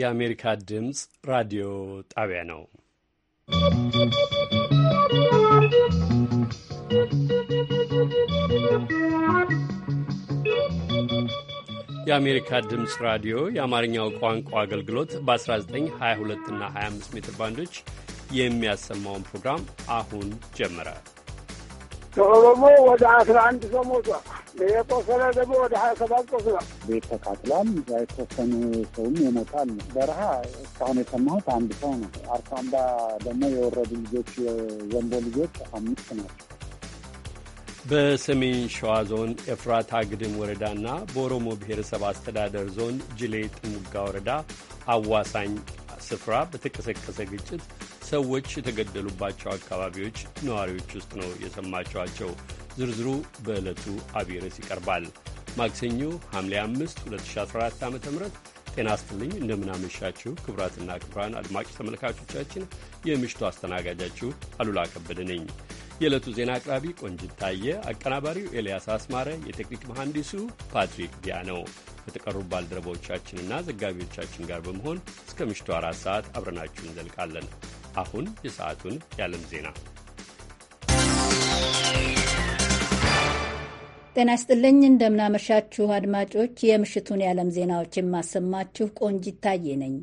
የአሜሪካ ድምፅ ራዲዮ ጣቢያ ነው። የአሜሪካ ድምፅ ራዲዮ የአማርኛው ቋንቋ አገልግሎት በ1922 እና 25 ሜትር ባንዶች የሚያሰማውን ፕሮግራም አሁን ጀመረ። ከኦሮሞ ወደ አስራ አንድ ሰው ሞቷል። የቆሰለ ደግሞ ወደ ሀያ ሰባት ቆስሏል። ቤት ተቃጥሏል። የተወሰኑ ሰውም ይሞታል። በረሃ እስካሁን የሰማሁት አንድ ሰው ነው። አርሶ አምባ ደግሞ የወረዱ ልጆች የወንዶ ልጆች አምስት ናቸው። በሰሜን ሸዋ ዞን ኤፍራታ ግድም ወረዳና በኦሮሞ ብሔረሰብ አስተዳደር ዞን ጅሌ ጥሙጋ ወረዳ አዋሳኝ ስፍራ በተቀሰቀሰ ግጭት ሰዎች የተገደሉባቸው አካባቢዎች ነዋሪዎች ውስጥ ነው የሰማችኋቸው። ዝርዝሩ በዕለቱ አብይ ርዕስ ይቀርባል። ማክሰኞ ሐምሌ 5 2014 ዓ ም ጤና ይስጥልኝ። እንደምናመሻችሁ ክቡራትና ክቡራን አድማጭ ተመልካቾቻችን፣ የምሽቱ አስተናጋጃችሁ አሉላ ከበደ ነኝ። የዕለቱ ዜና አቅራቢ ቆንጅት ታየ፣ አቀናባሪው ኤልያስ አስማረ፣ የቴክኒክ መሐንዲሱ ፓትሪክ ቢያ ነው። ከተቀሩ ባልደረቦቻችንና ዘጋቢዎቻችን ጋር በመሆን እስከ ምሽቱ አራት ሰዓት አብረናችሁ እንዘልቃለን። አሁን የሰዓቱን የዓለም ዜና ጤና ይስጥልኝ። እንደምናመሻችሁ አድማጮች፣ የምሽቱን የዓለም ዜናዎች የማሰማችሁ ቆንጅ ይታዬ ነኝ።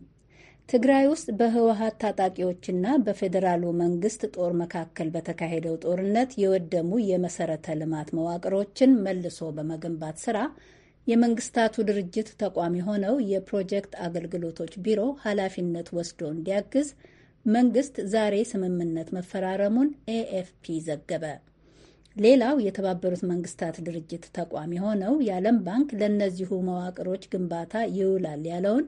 ትግራይ ውስጥ በህወሀት ታጣቂዎችና በፌዴራሉ መንግስት ጦር መካከል በተካሄደው ጦርነት የወደሙ የመሰረተ ልማት መዋቅሮችን መልሶ በመገንባት ስራ የመንግስታቱ ድርጅት ተቋም የሆነው የፕሮጀክት አገልግሎቶች ቢሮ ኃላፊነት ወስዶ እንዲያግዝ መንግስት ዛሬ ስምምነት መፈራረሙን ኤኤፍፒ ዘገበ። ሌላው የተባበሩት መንግስታት ድርጅት ተቋም የሆነው የዓለም ባንክ ለእነዚሁ መዋቅሮች ግንባታ ይውላል ያለውን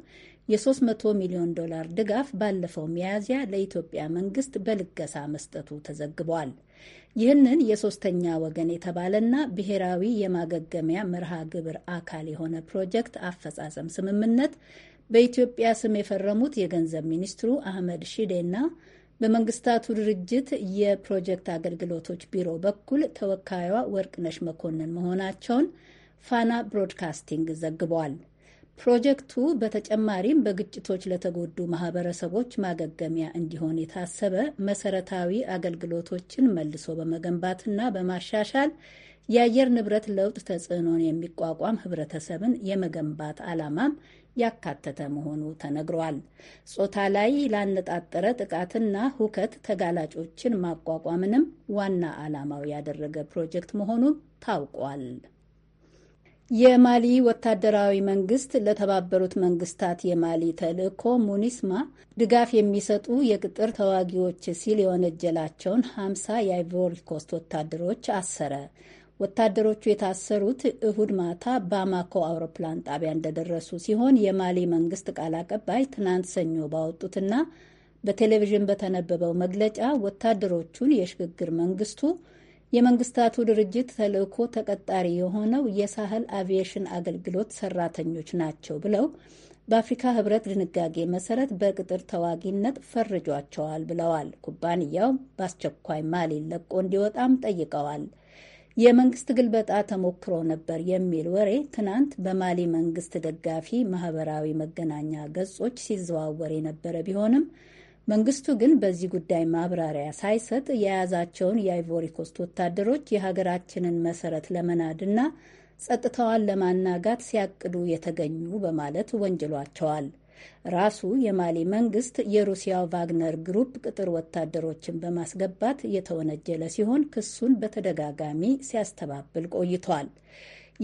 የ300 ሚሊዮን ዶላር ድጋፍ ባለፈው ሚያዝያ ለኢትዮጵያ መንግስት በልገሳ መስጠቱ ተዘግቧል። ይህንን የሶስተኛ ወገን የተባለና ብሔራዊ የማገገሚያ መርሃ ግብር አካል የሆነ ፕሮጀክት አፈጻጸም ስምምነት በኢትዮጵያ ስም የፈረሙት የገንዘብ ሚኒስትሩ አህመድ ሺዴና በመንግስታቱ ድርጅት የፕሮጀክት አገልግሎቶች ቢሮ በኩል ተወካዩዋ ወርቅነሽ መኮንን መሆናቸውን ፋና ብሮድካስቲንግ ዘግቧል። ፕሮጀክቱ በተጨማሪም በግጭቶች ለተጎዱ ማህበረሰቦች ማገገሚያ እንዲሆን የታሰበ መሰረታዊ አገልግሎቶችን መልሶ በመገንባትና በማሻሻል የአየር ንብረት ለውጥ ተጽዕኖን የሚቋቋም ህብረተሰብን የመገንባት ዓላማም ያካተተ መሆኑ ተነግሯል። ጾታ ላይ ላነጣጠረ ጥቃትና ሁከት ተጋላጮችን ማቋቋምንም ዋና ዓላማው ያደረገ ፕሮጀክት መሆኑ ታውቋል። የማሊ ወታደራዊ መንግስት ለተባበሩት መንግስታት የማሊ ተልእኮ ሙኒስማ ድጋፍ የሚሰጡ የቅጥር ተዋጊዎች ሲል የወነጀላቸውን ሀምሳ የአይቮሪ ኮስት ወታደሮች አሰረ። ወታደሮቹ የታሰሩት እሁድ ማታ ባማኮ አውሮፕላን ጣቢያ እንደደረሱ ሲሆን የማሊ መንግስት ቃል አቀባይ ትናንት ሰኞ ባወጡትና በቴሌቪዥን በተነበበው መግለጫ ወታደሮቹን የሽግግር መንግስቱ የመንግስታቱ ድርጅት ተልዕኮ ተቀጣሪ የሆነው የሳህል አቪዬሽን አገልግሎት ሰራተኞች ናቸው ብለው በአፍሪካ ህብረት ድንጋጌ መሰረት በቅጥር ተዋጊነት ፈርጇቸዋል ብለዋል። ኩባንያው በአስቸኳይ ማሊ ለቆ እንዲወጣም ጠይቀዋል። የመንግስት ግልበጣ ተሞክሮ ነበር የሚል ወሬ ትናንት በማሊ መንግስት ደጋፊ ማህበራዊ መገናኛ ገጾች ሲዘዋወር የነበረ ቢሆንም መንግስቱ ግን በዚህ ጉዳይ ማብራሪያ ሳይሰጥ የያዛቸውን የአይቮሪኮስት ወታደሮች የሀገራችንን መሰረት ለመናድና ጸጥታዋን ለማናጋት ሲያቅዱ የተገኙ በማለት ወንጅሏቸዋል። ራሱ የማሊ መንግስት የሩሲያው ቫግነር ግሩፕ ቅጥር ወታደሮችን በማስገባት የተወነጀለ ሲሆን ክሱን በተደጋጋሚ ሲያስተባብል ቆይቷል።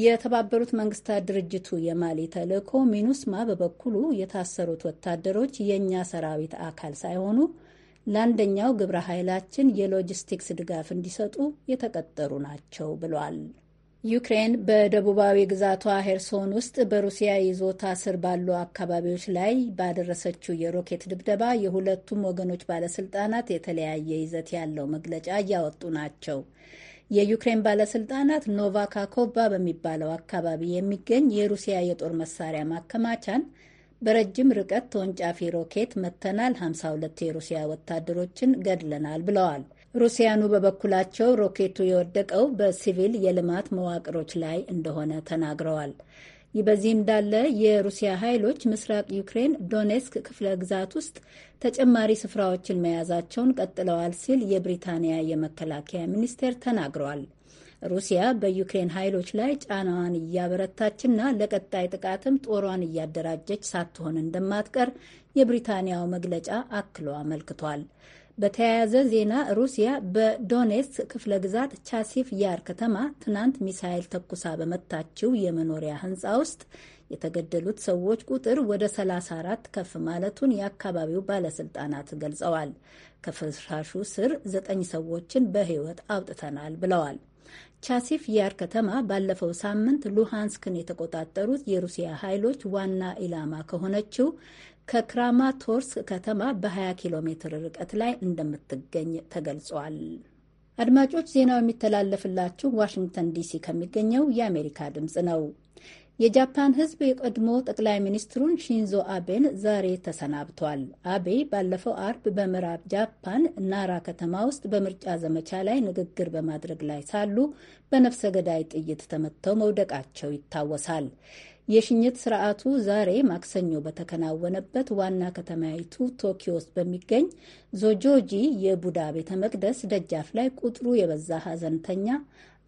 የተባበሩት መንግስታት ድርጅቱ የማሊ ተልእኮ ሚኑስማ በበኩሉ የታሰሩት ወታደሮች የእኛ ሰራዊት አካል ሳይሆኑ ለአንደኛው ግብረ ኃይላችን የሎጂስቲክስ ድጋፍ እንዲሰጡ የተቀጠሩ ናቸው ብሏል። ዩክሬን በደቡባዊ ግዛቷ ሄርሶን ውስጥ በሩሲያ ይዞታ ስር ባሉ አካባቢዎች ላይ ባደረሰችው የሮኬት ድብደባ የሁለቱም ወገኖች ባለስልጣናት የተለያየ ይዘት ያለው መግለጫ እያወጡ ናቸው። የዩክሬን ባለስልጣናት ኖቫ ካኮቫ በሚባለው አካባቢ የሚገኝ የሩሲያ የጦር መሳሪያ ማከማቻን በረጅም ርቀት ተወንጫፊ ሮኬት መተናል፣ 52 የሩሲያ ወታደሮችን ገድለናል ብለዋል። ሩሲያኑ በበኩላቸው ሮኬቱ የወደቀው በሲቪል የልማት መዋቅሮች ላይ እንደሆነ ተናግረዋል። ይህ በዚህ እንዳለ የሩሲያ ኃይሎች ምስራቅ ዩክሬን ዶኔስክ ክፍለ ግዛት ውስጥ ተጨማሪ ስፍራዎችን መያዛቸውን ቀጥለዋል ሲል የብሪታንያ የመከላከያ ሚኒስቴር ተናግረዋል። ሩሲያ በዩክሬን ኃይሎች ላይ ጫናዋን እያበረታችና ለቀጣይ ጥቃትም ጦሯን እያደራጀች ሳትሆን እንደማትቀር የብሪታንያው መግለጫ አክሎ አመልክቷል። በተያያዘ ዜና ሩሲያ በዶኔትስክ ክፍለ ግዛት ቻሲፍ ያር ከተማ ትናንት ሚሳይል ተኩሳ በመታችው የመኖሪያ ሕንፃ ውስጥ የተገደሉት ሰዎች ቁጥር ወደ 34 ከፍ ማለቱን የአካባቢው ባለስልጣናት ገልጸዋል። ከፍሻሹ ስር ዘጠኝ ሰዎችን በሕይወት አውጥተናል ብለዋል። ቻሲፍ ያር ከተማ ባለፈው ሳምንት ሉሃንስክን የተቆጣጠሩት የሩሲያ ኃይሎች ዋና ኢላማ ከሆነችው ከክራማቶርስክ ከተማ በ20 ኪሎ ሜትር ርቀት ላይ እንደምትገኝ ተገልጿል። አድማጮች ዜናው የሚተላለፍላችሁ ዋሽንግተን ዲሲ ከሚገኘው የአሜሪካ ድምፅ ነው። የጃፓን ሕዝብ የቀድሞ ጠቅላይ ሚኒስትሩን ሺንዞ አቤን ዛሬ ተሰናብቷል። አቤ ባለፈው አርብ በምዕራብ ጃፓን ናራ ከተማ ውስጥ በምርጫ ዘመቻ ላይ ንግግር በማድረግ ላይ ሳሉ በነፍሰ ገዳይ ጥይት ተመተው መውደቃቸው ይታወሳል። የሽኝት ስርዓቱ ዛሬ ማክሰኞ በተከናወነበት ዋና ከተማይቱ ቶኪዮ ውስጥ በሚገኝ ዞጆጂ የቡዳ ቤተ መቅደስ ደጃፍ ላይ ቁጥሩ የበዛ ሀዘንተኛ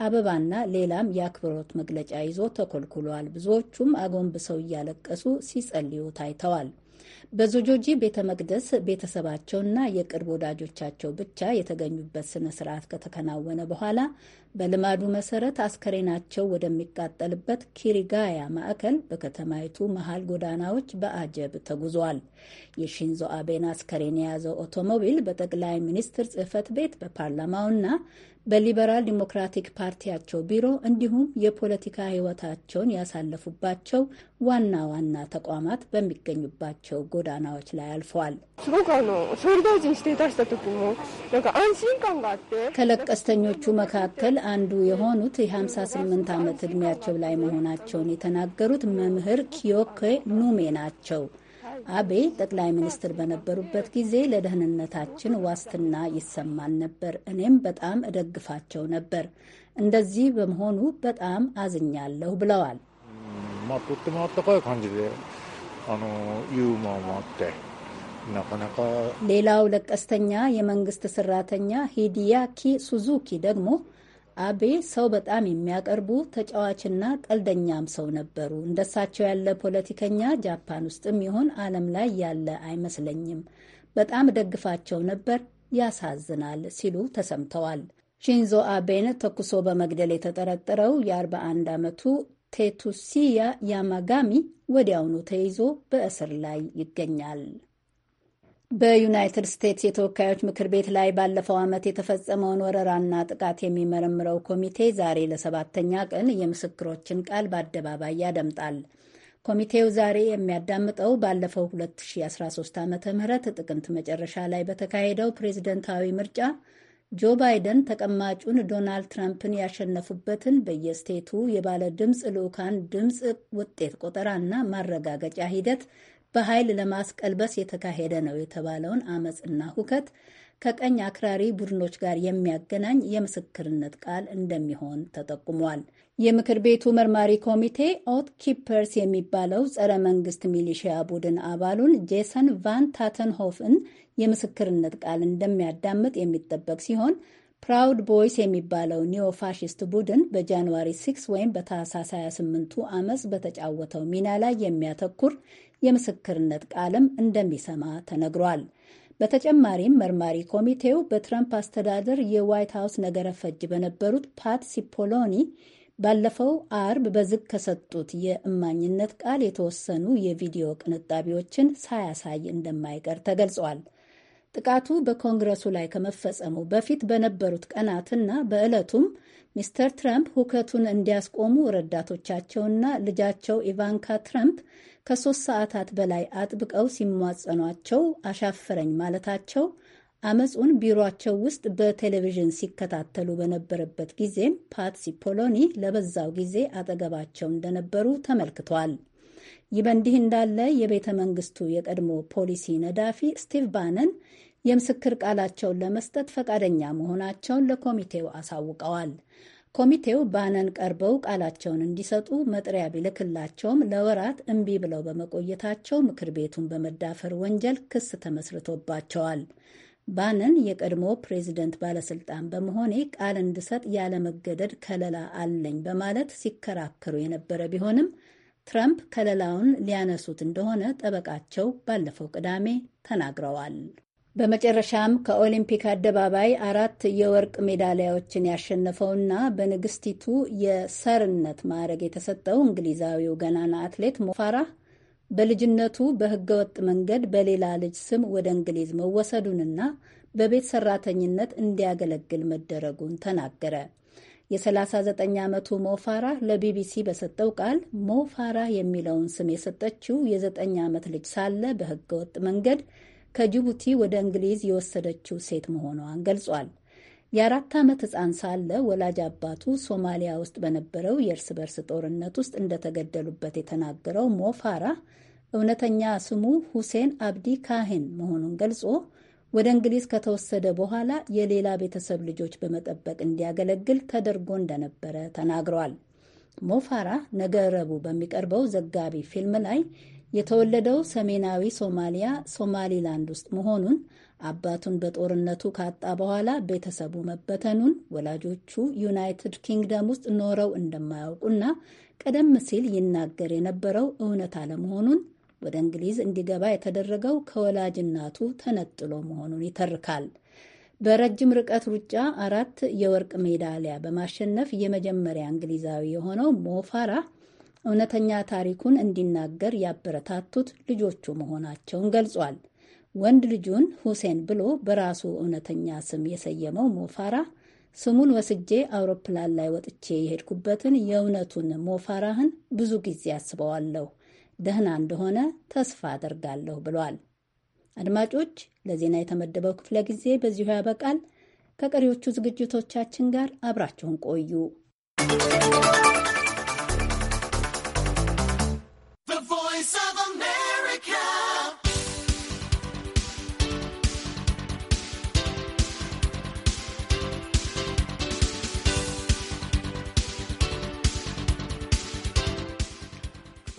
አበባና ሌላም የአክብሮት መግለጫ ይዞ ተኮልኩሏል። ብዙዎቹም አጎንብሰው እያለቀሱ ሲጸልዩ ታይተዋል። በዞጆጂ ቤተ መቅደስ ቤተሰባቸውና የቅርብ ወዳጆቻቸው ብቻ የተገኙበት ስነ ስርዓት ከተከናወነ በኋላ በልማዱ መሰረት አስከሬናቸው ወደሚቃጠልበት ኪሪጋያ ማዕከል በከተማይቱ መሀል ጎዳናዎች በአጀብ ተጉዟል። የሺንዞ አቤን አስከሬን የያዘው ኦቶሞቢል በጠቅላይ ሚኒስትር ጽህፈት ቤት በፓርላማውና በሊበራል ዲሞክራቲክ ፓርቲያቸው ቢሮ እንዲሁም የፖለቲካ ሕይወታቸውን ያሳለፉባቸው ዋና ዋና ተቋማት በሚገኙባቸው ጎዳናዎች ላይ አልፈዋል። ከለቀስተኞቹ መካከል አንዱ የሆኑት የ58 ዓመት ዕድሜያቸው ላይ መሆናቸውን የተናገሩት መምህር ኪዮኮ ኑሜ ናቸው። አቤ ጠቅላይ ሚኒስትር በነበሩበት ጊዜ ለደህንነታችን ዋስትና ይሰማን ነበር። እኔም በጣም እደግፋቸው ነበር። እንደዚህ በመሆኑ በጣም አዝኛለሁ ብለዋል። ሌላው ለቀስተኛ የመንግስት ሰራተኛ ሂዲያኪ ሱዙኪ ደግሞ አቤ ሰው በጣም የሚያቀርቡ ተጫዋችና ቀልደኛም ሰው ነበሩ። እንደሳቸው ያለ ፖለቲከኛ ጃፓን ውስጥም ይሆን ዓለም ላይ ያለ አይመስለኝም። በጣም ደግፋቸው ነበር። ያሳዝናል ሲሉ ተሰምተዋል። ሺንዞ አቤን ተኩሶ በመግደል የተጠረጠረው የ41 ዓመቱ ቴቱሲያ ያማጋሚ ወዲያውኑ ተይዞ በእስር ላይ ይገኛል። በዩናይትድ ስቴትስ የተወካዮች ምክር ቤት ላይ ባለፈው ዓመት የተፈጸመውን ወረራና ጥቃት የሚመረምረው ኮሚቴ ዛሬ ለሰባተኛ ቀን የምስክሮችን ቃል በአደባባይ ያደምጣል። ኮሚቴው ዛሬ የሚያዳምጠው ባለፈው 2013 ዓ ም ጥቅምት መጨረሻ ላይ በተካሄደው ፕሬዝደንታዊ ምርጫ ጆ ባይደን ተቀማጩን ዶናልድ ትራምፕን ያሸነፉበትን በየስቴቱ የባለ ድምፅ ልዑካን ድምፅ ውጤት ቆጠራና ማረጋገጫ ሂደት በኃይል ለማስቀልበስ የተካሄደ ነው የተባለውን አመፅና ሁከት ከቀኝ አክራሪ ቡድኖች ጋር የሚያገናኝ የምስክርነት ቃል እንደሚሆን ተጠቁሟል። የምክር ቤቱ መርማሪ ኮሚቴ ኦት ኪፐርስ የሚባለው ጸረ መንግስት ሚሊሺያ ቡድን አባሉን ጄሰን ቫን ታተንሆፍን የምስክርነት ቃል እንደሚያዳምጥ የሚጠበቅ ሲሆን ፕራውድ ቦይስ የሚባለው ኒዮ ፋሽስት ቡድን በጃንዋሪ 6 ወይም በታህሳስ 28ቱ አመፅ በተጫወተው ሚና ላይ የሚያተኩር የምስክርነት ቃልም እንደሚሰማ ተነግሯል። በተጨማሪም መርማሪ ኮሚቴው በትራምፕ አስተዳደር የዋይት ሀውስ ነገረ ፈጅ በነበሩት ፓት ሲፖሎኒ ባለፈው አርብ በዝግ ከሰጡት የእማኝነት ቃል የተወሰኑ የቪዲዮ ቅንጣቢዎችን ሳያሳይ እንደማይቀር ተገልጿል። ጥቃቱ በኮንግረሱ ላይ ከመፈጸሙ በፊት በነበሩት ቀናትና በዕለቱም ሚስተር ትራምፕ ሁከቱን እንዲያስቆሙ ረዳቶቻቸውና ልጃቸው ኢቫንካ ትራምፕ ከሶስት ሰዓታት በላይ አጥብቀው ሲሟጸኗቸው አሻፈረኝ ማለታቸው አመፁን ቢሮቸው ውስጥ በቴሌቪዥን ሲከታተሉ በነበረበት ጊዜም ፓትሲ ፖሎኒ ለበዛው ጊዜ አጠገባቸው እንደነበሩ ተመልክቷል። ይህ በእንዲህ እንዳለ የቤተ መንግስቱ የቀድሞ ፖሊሲ ነዳፊ ስቲቭ ባነን የምስክር ቃላቸውን ለመስጠት ፈቃደኛ መሆናቸውን ለኮሚቴው አሳውቀዋል። ኮሚቴው ባነን ቀርበው ቃላቸውን እንዲሰጡ መጥሪያ ቢልክላቸውም ለወራት እምቢ ብለው በመቆየታቸው ምክር ቤቱን በመዳፈር ወንጀል ክስ ተመስርቶባቸዋል። ባነን የቀድሞ ፕሬዚደንት ባለስልጣን በመሆኔ ቃል እንድሰጥ ያለመገደድ ከለላ አለኝ በማለት ሲከራከሩ የነበረ ቢሆንም ትራምፕ ከለላውን ሊያነሱት እንደሆነ ጠበቃቸው ባለፈው ቅዳሜ ተናግረዋል። በመጨረሻም ከኦሊምፒክ አደባባይ አራት የወርቅ ሜዳሊያዎችን ያሸነፈውና በንግስቲቱ የሰርነት ማዕረግ የተሰጠው እንግሊዛዊው ገናና አትሌት ሞፋራ በልጅነቱ በህገወጥ መንገድ በሌላ ልጅ ስም ወደ እንግሊዝ መወሰዱንና በቤት ሰራተኝነት እንዲያገለግል መደረጉን ተናገረ። የ39 ዓመቱ ሞፋራ ለቢቢሲ በሰጠው ቃል ሞፋራ የሚለውን ስም የሰጠችው የዘጠኝ ዓመት ልጅ ሳለ በህገወጥ መንገድ ከጅቡቲ ወደ እንግሊዝ የወሰደችው ሴት መሆኗን ገልጿል። የአራት ዓመት ሕፃን ሳለ ወላጅ አባቱ ሶማሊያ ውስጥ በነበረው የእርስ በርስ ጦርነት ውስጥ እንደተገደሉበት የተናገረው ሞፋራ እውነተኛ ስሙ ሁሴን አብዲ ካህን መሆኑን ገልጾ ወደ እንግሊዝ ከተወሰደ በኋላ የሌላ ቤተሰብ ልጆች በመጠበቅ እንዲያገለግል ተደርጎ እንደነበረ ተናግሯል። ሞፋራ ነገ ረቡዕ በሚቀርበው ዘጋቢ ፊልም ላይ የተወለደው ሰሜናዊ ሶማሊያ ሶማሊላንድ ውስጥ መሆኑን አባቱን በጦርነቱ ካጣ በኋላ ቤተሰቡ መበተኑን ወላጆቹ ዩናይትድ ኪንግደም ውስጥ ኖረው እንደማያውቁና ቀደም ሲል ይናገር የነበረው እውነት አለመሆኑን ወደ እንግሊዝ እንዲገባ የተደረገው ከወላጅናቱ ተነጥሎ መሆኑን ይተርካል። በረጅም ርቀት ሩጫ አራት የወርቅ ሜዳሊያ በማሸነፍ የመጀመሪያ እንግሊዛዊ የሆነው ሞፋራ እውነተኛ ታሪኩን እንዲናገር ያበረታቱት ልጆቹ መሆናቸውን ገልጿል። ወንድ ልጁን ሁሴን ብሎ በራሱ እውነተኛ ስም የሰየመው ሞፋራ ስሙን ወስጄ አውሮፕላን ላይ ወጥቼ የሄድኩበትን የእውነቱን ሞፋራህን ብዙ ጊዜ አስበዋለሁ። ደህና እንደሆነ ተስፋ አደርጋለሁ ብሏል። አድማጮች፣ ለዜና የተመደበው ክፍለ ጊዜ በዚሁ ያበቃል። ከቀሪዎቹ ዝግጅቶቻችን ጋር አብራችሁን ቆዩ።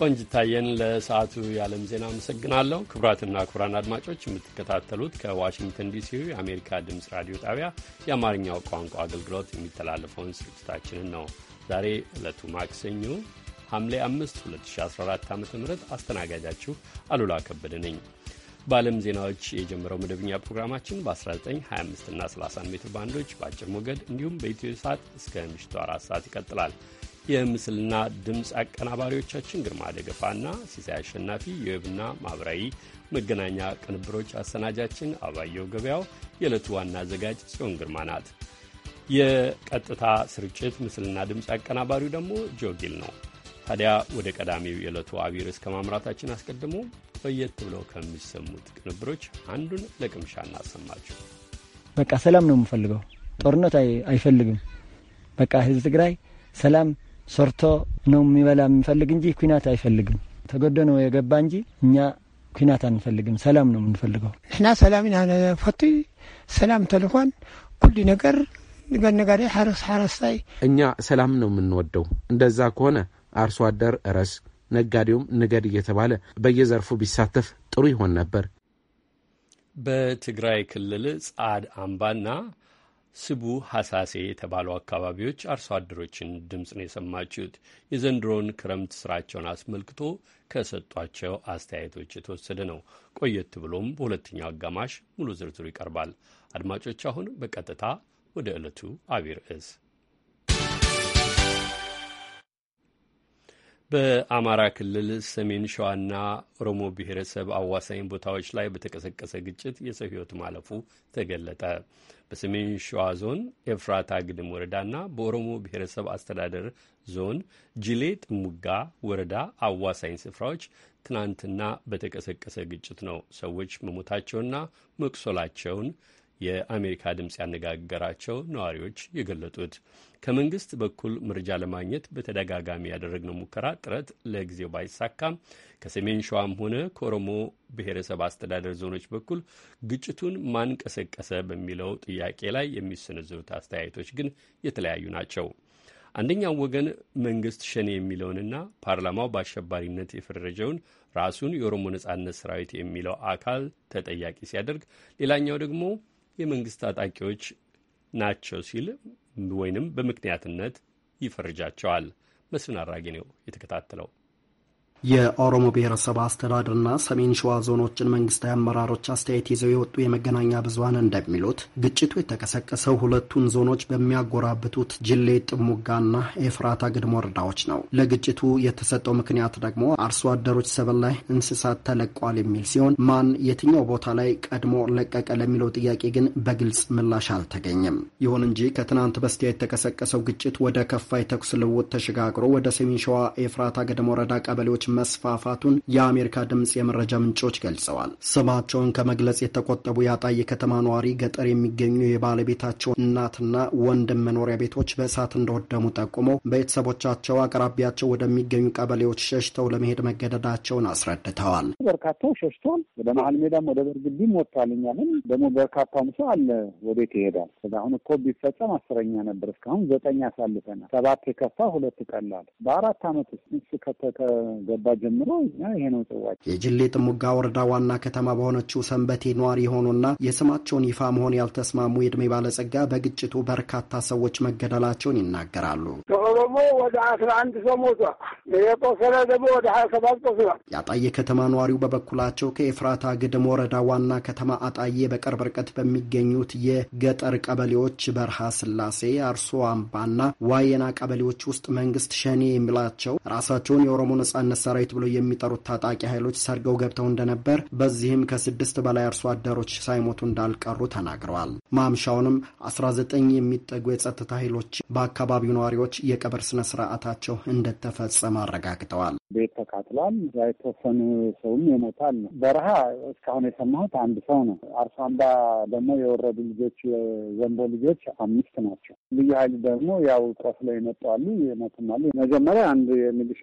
ቆንጅታየን ለሰዓቱ የዓለም ዜና አመሰግናለሁ። ክቡራትና ክቡራን አድማጮች የምትከታተሉት ከዋሽንግተን ዲሲ የአሜሪካ ድምፅ ራዲዮ ጣቢያ የአማርኛው ቋንቋ አገልግሎት የሚተላለፈውን ስርጭታችንን ነው። ዛሬ ዕለቱ ማክሰኞ ሐምሌ 5 2014 ዓ ም አስተናጋጃችሁ አሉላ ከበደ ነኝ። በዓለም ዜናዎች የጀመረው መደበኛ ፕሮግራማችን በ1925 እና 30 ሜትር ባንዶች በአጭር ሞገድ እንዲሁም በኢትዮ ሰዓት እስከ ምሽቱ አራት ሰዓት ይቀጥላል። የምስልና ድምፅ አቀናባሪዎቻችን ግርማ ደገፋና ሲሳይ አሸናፊ፣ የዌብና ማኅበራዊ መገናኛ ቅንብሮች አሰናጃችን አባየው ገበያው፣ የዕለቱ ዋና አዘጋጅ ጽዮን ግርማ ናት። የቀጥታ ስርጭት ምስልና ድምፅ አቀናባሪው ደግሞ ጆጊል ነው። ታዲያ ወደ ቀዳሚው የዕለቱ አቢር እስከ ማምራታችን አስቀድሞ በየት ብለው ከሚሰሙት ቅንብሮች አንዱን ለቅምሻ እናሰማችሁ። በቃ ሰላም ነው የምፈልገው፣ ጦርነት አይፈልግም። በቃ ህዝብ ትግራይ ሰላም ሰርቶ ነው የሚበላ የሚፈልግ እንጂ ኩናት አይፈልግም። ተገዶ ነው የገባ እንጂ እኛ ኩናት አንፈልግም። ሰላም ነው የምንፈልገው እና ሰላም ፈቱ ሰላም ተልኳን ኩሉ ነገር ገነጋዴ ሓረስ ሓረስታይ እኛ ሰላም ነው የምንወደው። እንደዛ ከሆነ አርሶ አደር ረስ ነጋዴውም ንገድ እየተባለ በየዘርፉ ቢሳተፍ ጥሩ ይሆን ነበር። በትግራይ ክልል ጻድ አምባና ስቡ ሐሳሴ የተባሉ አካባቢዎች አርሶ አደሮችን ድምፅ ነው የሰማችሁት። የዘንድሮውን ክረምት ስራቸውን አስመልክቶ ከሰጧቸው አስተያየቶች የተወሰደ ነው። ቆየት ብሎም በሁለተኛው አጋማሽ ሙሉ ዝርዝሩ ይቀርባል። አድማጮች፣ አሁን በቀጥታ ወደ ዕለቱ አቢይ ርዕስ በአማራ ክልል ሰሜን ሸዋና ኦሮሞ ብሔረሰብ አዋሳኝ ቦታዎች ላይ በተቀሰቀሰ ግጭት የሰው ሕይወት ማለፉ ተገለጠ። በሰሜን ሸዋ ዞን ኤፍራታ ግድም ወረዳና በኦሮሞ ብሔረሰብ አስተዳደር ዞን ጅሌ ጥሙጋ ወረዳ አዋሳኝ ስፍራዎች ትናንትና በተቀሰቀሰ ግጭት ነው ሰዎች መሞታቸውና መቁሰላቸውን የአሜሪካ ድምፅ ያነጋገራቸው ነዋሪዎች የገለጡት። ከመንግስት በኩል መረጃ ለማግኘት በተደጋጋሚ ያደረግነው ሙከራ ጥረት ለጊዜው ባይሳካም ከሰሜን ሸዋም ሆነ ከኦሮሞ ብሔረሰብ አስተዳደር ዞኖች በኩል ግጭቱን ማንቀሰቀሰ በሚለው ጥያቄ ላይ የሚሰነዘሩት አስተያየቶች ግን የተለያዩ ናቸው። አንደኛው ወገን መንግስት ሸኔ የሚለውንና ፓርላማው በአሸባሪነት የፈረጀውን ራሱን የኦሮሞ ነጻነት ሰራዊት የሚለው አካል ተጠያቂ ሲያደርግ፣ ሌላኛው ደግሞ የመንግስት ታጣቂዎች ናቸው ሲል ወይንም በምክንያትነት ይፈርጃቸዋል። መስፍን አራጌ ነው የተከታተለው። የኦሮሞ ብሔረሰብ አስተዳደርና ሰሜን ሸዋ ዞኖችን መንግስታዊ አመራሮች አስተያየት ይዘው የወጡ የመገናኛ ብዙሀን እንደሚሉት ግጭቱ የተቀሰቀሰው ሁለቱን ዞኖች በሚያጎራብቱት ጅሌ ጥሙጋና ኤፍራታ ግድሞ ወረዳዎች ነው። ለግጭቱ የተሰጠው ምክንያት ደግሞ አርሶ አደሮች ሰብል ላይ እንስሳት ተለቋል የሚል ሲሆን ማን የትኛው ቦታ ላይ ቀድሞ ለቀቀ ለሚለው ጥያቄ ግን በግልጽ ምላሽ አልተገኘም። ይሁን እንጂ ከትናንት በስቲያ የተቀሰቀሰው ግጭት ወደ ከፋ የተኩስ ልውውጥ ተሸጋግሮ ወደ ሰሜን ሸዋ ኤፍራታ ግድሞ ወረዳ ቀበሌዎች መስፋፋቱን የአሜሪካ ድምፅ የመረጃ ምንጮች ገልጸዋል። ስማቸውን ከመግለጽ የተቆጠቡ ያጣ የከተማ ነዋሪ ገጠር የሚገኙ የባለቤታቸው እናትና ወንድም መኖሪያ ቤቶች በእሳት እንደወደሙ ጠቁመው ቤተሰቦቻቸው አቅራቢያቸው ወደሚገኙ ቀበሌዎች ሸሽተው ለመሄድ መገደዳቸውን አስረድተዋል። በርካታው ሸሽቷል። ወደ መሀል ሜዳም ወደ በርግቢም ወጥቷል። ደግሞ በርካታውም ሰው አለ ወዴት ይሄዳል? አሁን እኮ ቢፈጸም አስረኛ ነበር። እስካሁን ዘጠኝ አሳልፈናል። ሰባት የከፋ ሁለት ቀላል በአራት አመት ውስጥ ከተገ ከገባ ጀምሮ እኛ ይሄ ነው ጽዋችን። የጅሌ ጥሙጋ ወረዳ ዋና ከተማ በሆነችው ሰንበቴ ነዋሪ የሆኑና የስማቸውን ይፋ መሆን ያልተስማሙ የእድሜ ባለጸጋ በግጭቱ በርካታ ሰዎች መገደላቸውን ይናገራሉ። ከኦሮሞ ወደ አስራ አንድ ሰው ሞቷል። የቆሰለ ደግሞ ወደ ሀያ ሰባት ቆስሏል። የአጣዬ ከተማ ነዋሪው በበኩላቸው ከኤፍራታ ግድም ወረዳ ዋና ከተማ አጣዬ በቅርብ ርቀት በሚገኙት የገጠር ቀበሌዎች በርሃ ስላሴ፣ አርሶ አምባና ዋየና ቀበሌዎች ውስጥ መንግስት ሸኔ የሚላቸው ራሳቸውን የኦሮሞ ነጻነት ሰራዊት ብሎ የሚጠሩት ታጣቂ ኃይሎች ሰርገው ገብተው እንደነበር፣ በዚህም ከስድስት በላይ አርሶ አደሮች ሳይሞቱ እንዳልቀሩ ተናግረዋል። ማምሻውንም 19 የሚጠጉ የጸጥታ ኃይሎች በአካባቢው ነዋሪዎች የቀብር ስነ ስርዓታቸው እንደተፈጸመ አረጋግጠዋል። ቤት ተቃጥሏል። የተወሰኑ ሰውም ይሞታል። በረሃ እስካሁን የሰማሁት አንድ ሰው ነው። አርሶ አምባ ደግሞ የወረዱ ልጆች የዘንቦ ልጆች አምስት ናቸው። ልዩ ኃይል ደግሞ ያው ቆስለው ይመጣሉ ይመቱማሉ። መጀመሪያ አንድ የሚሊሻ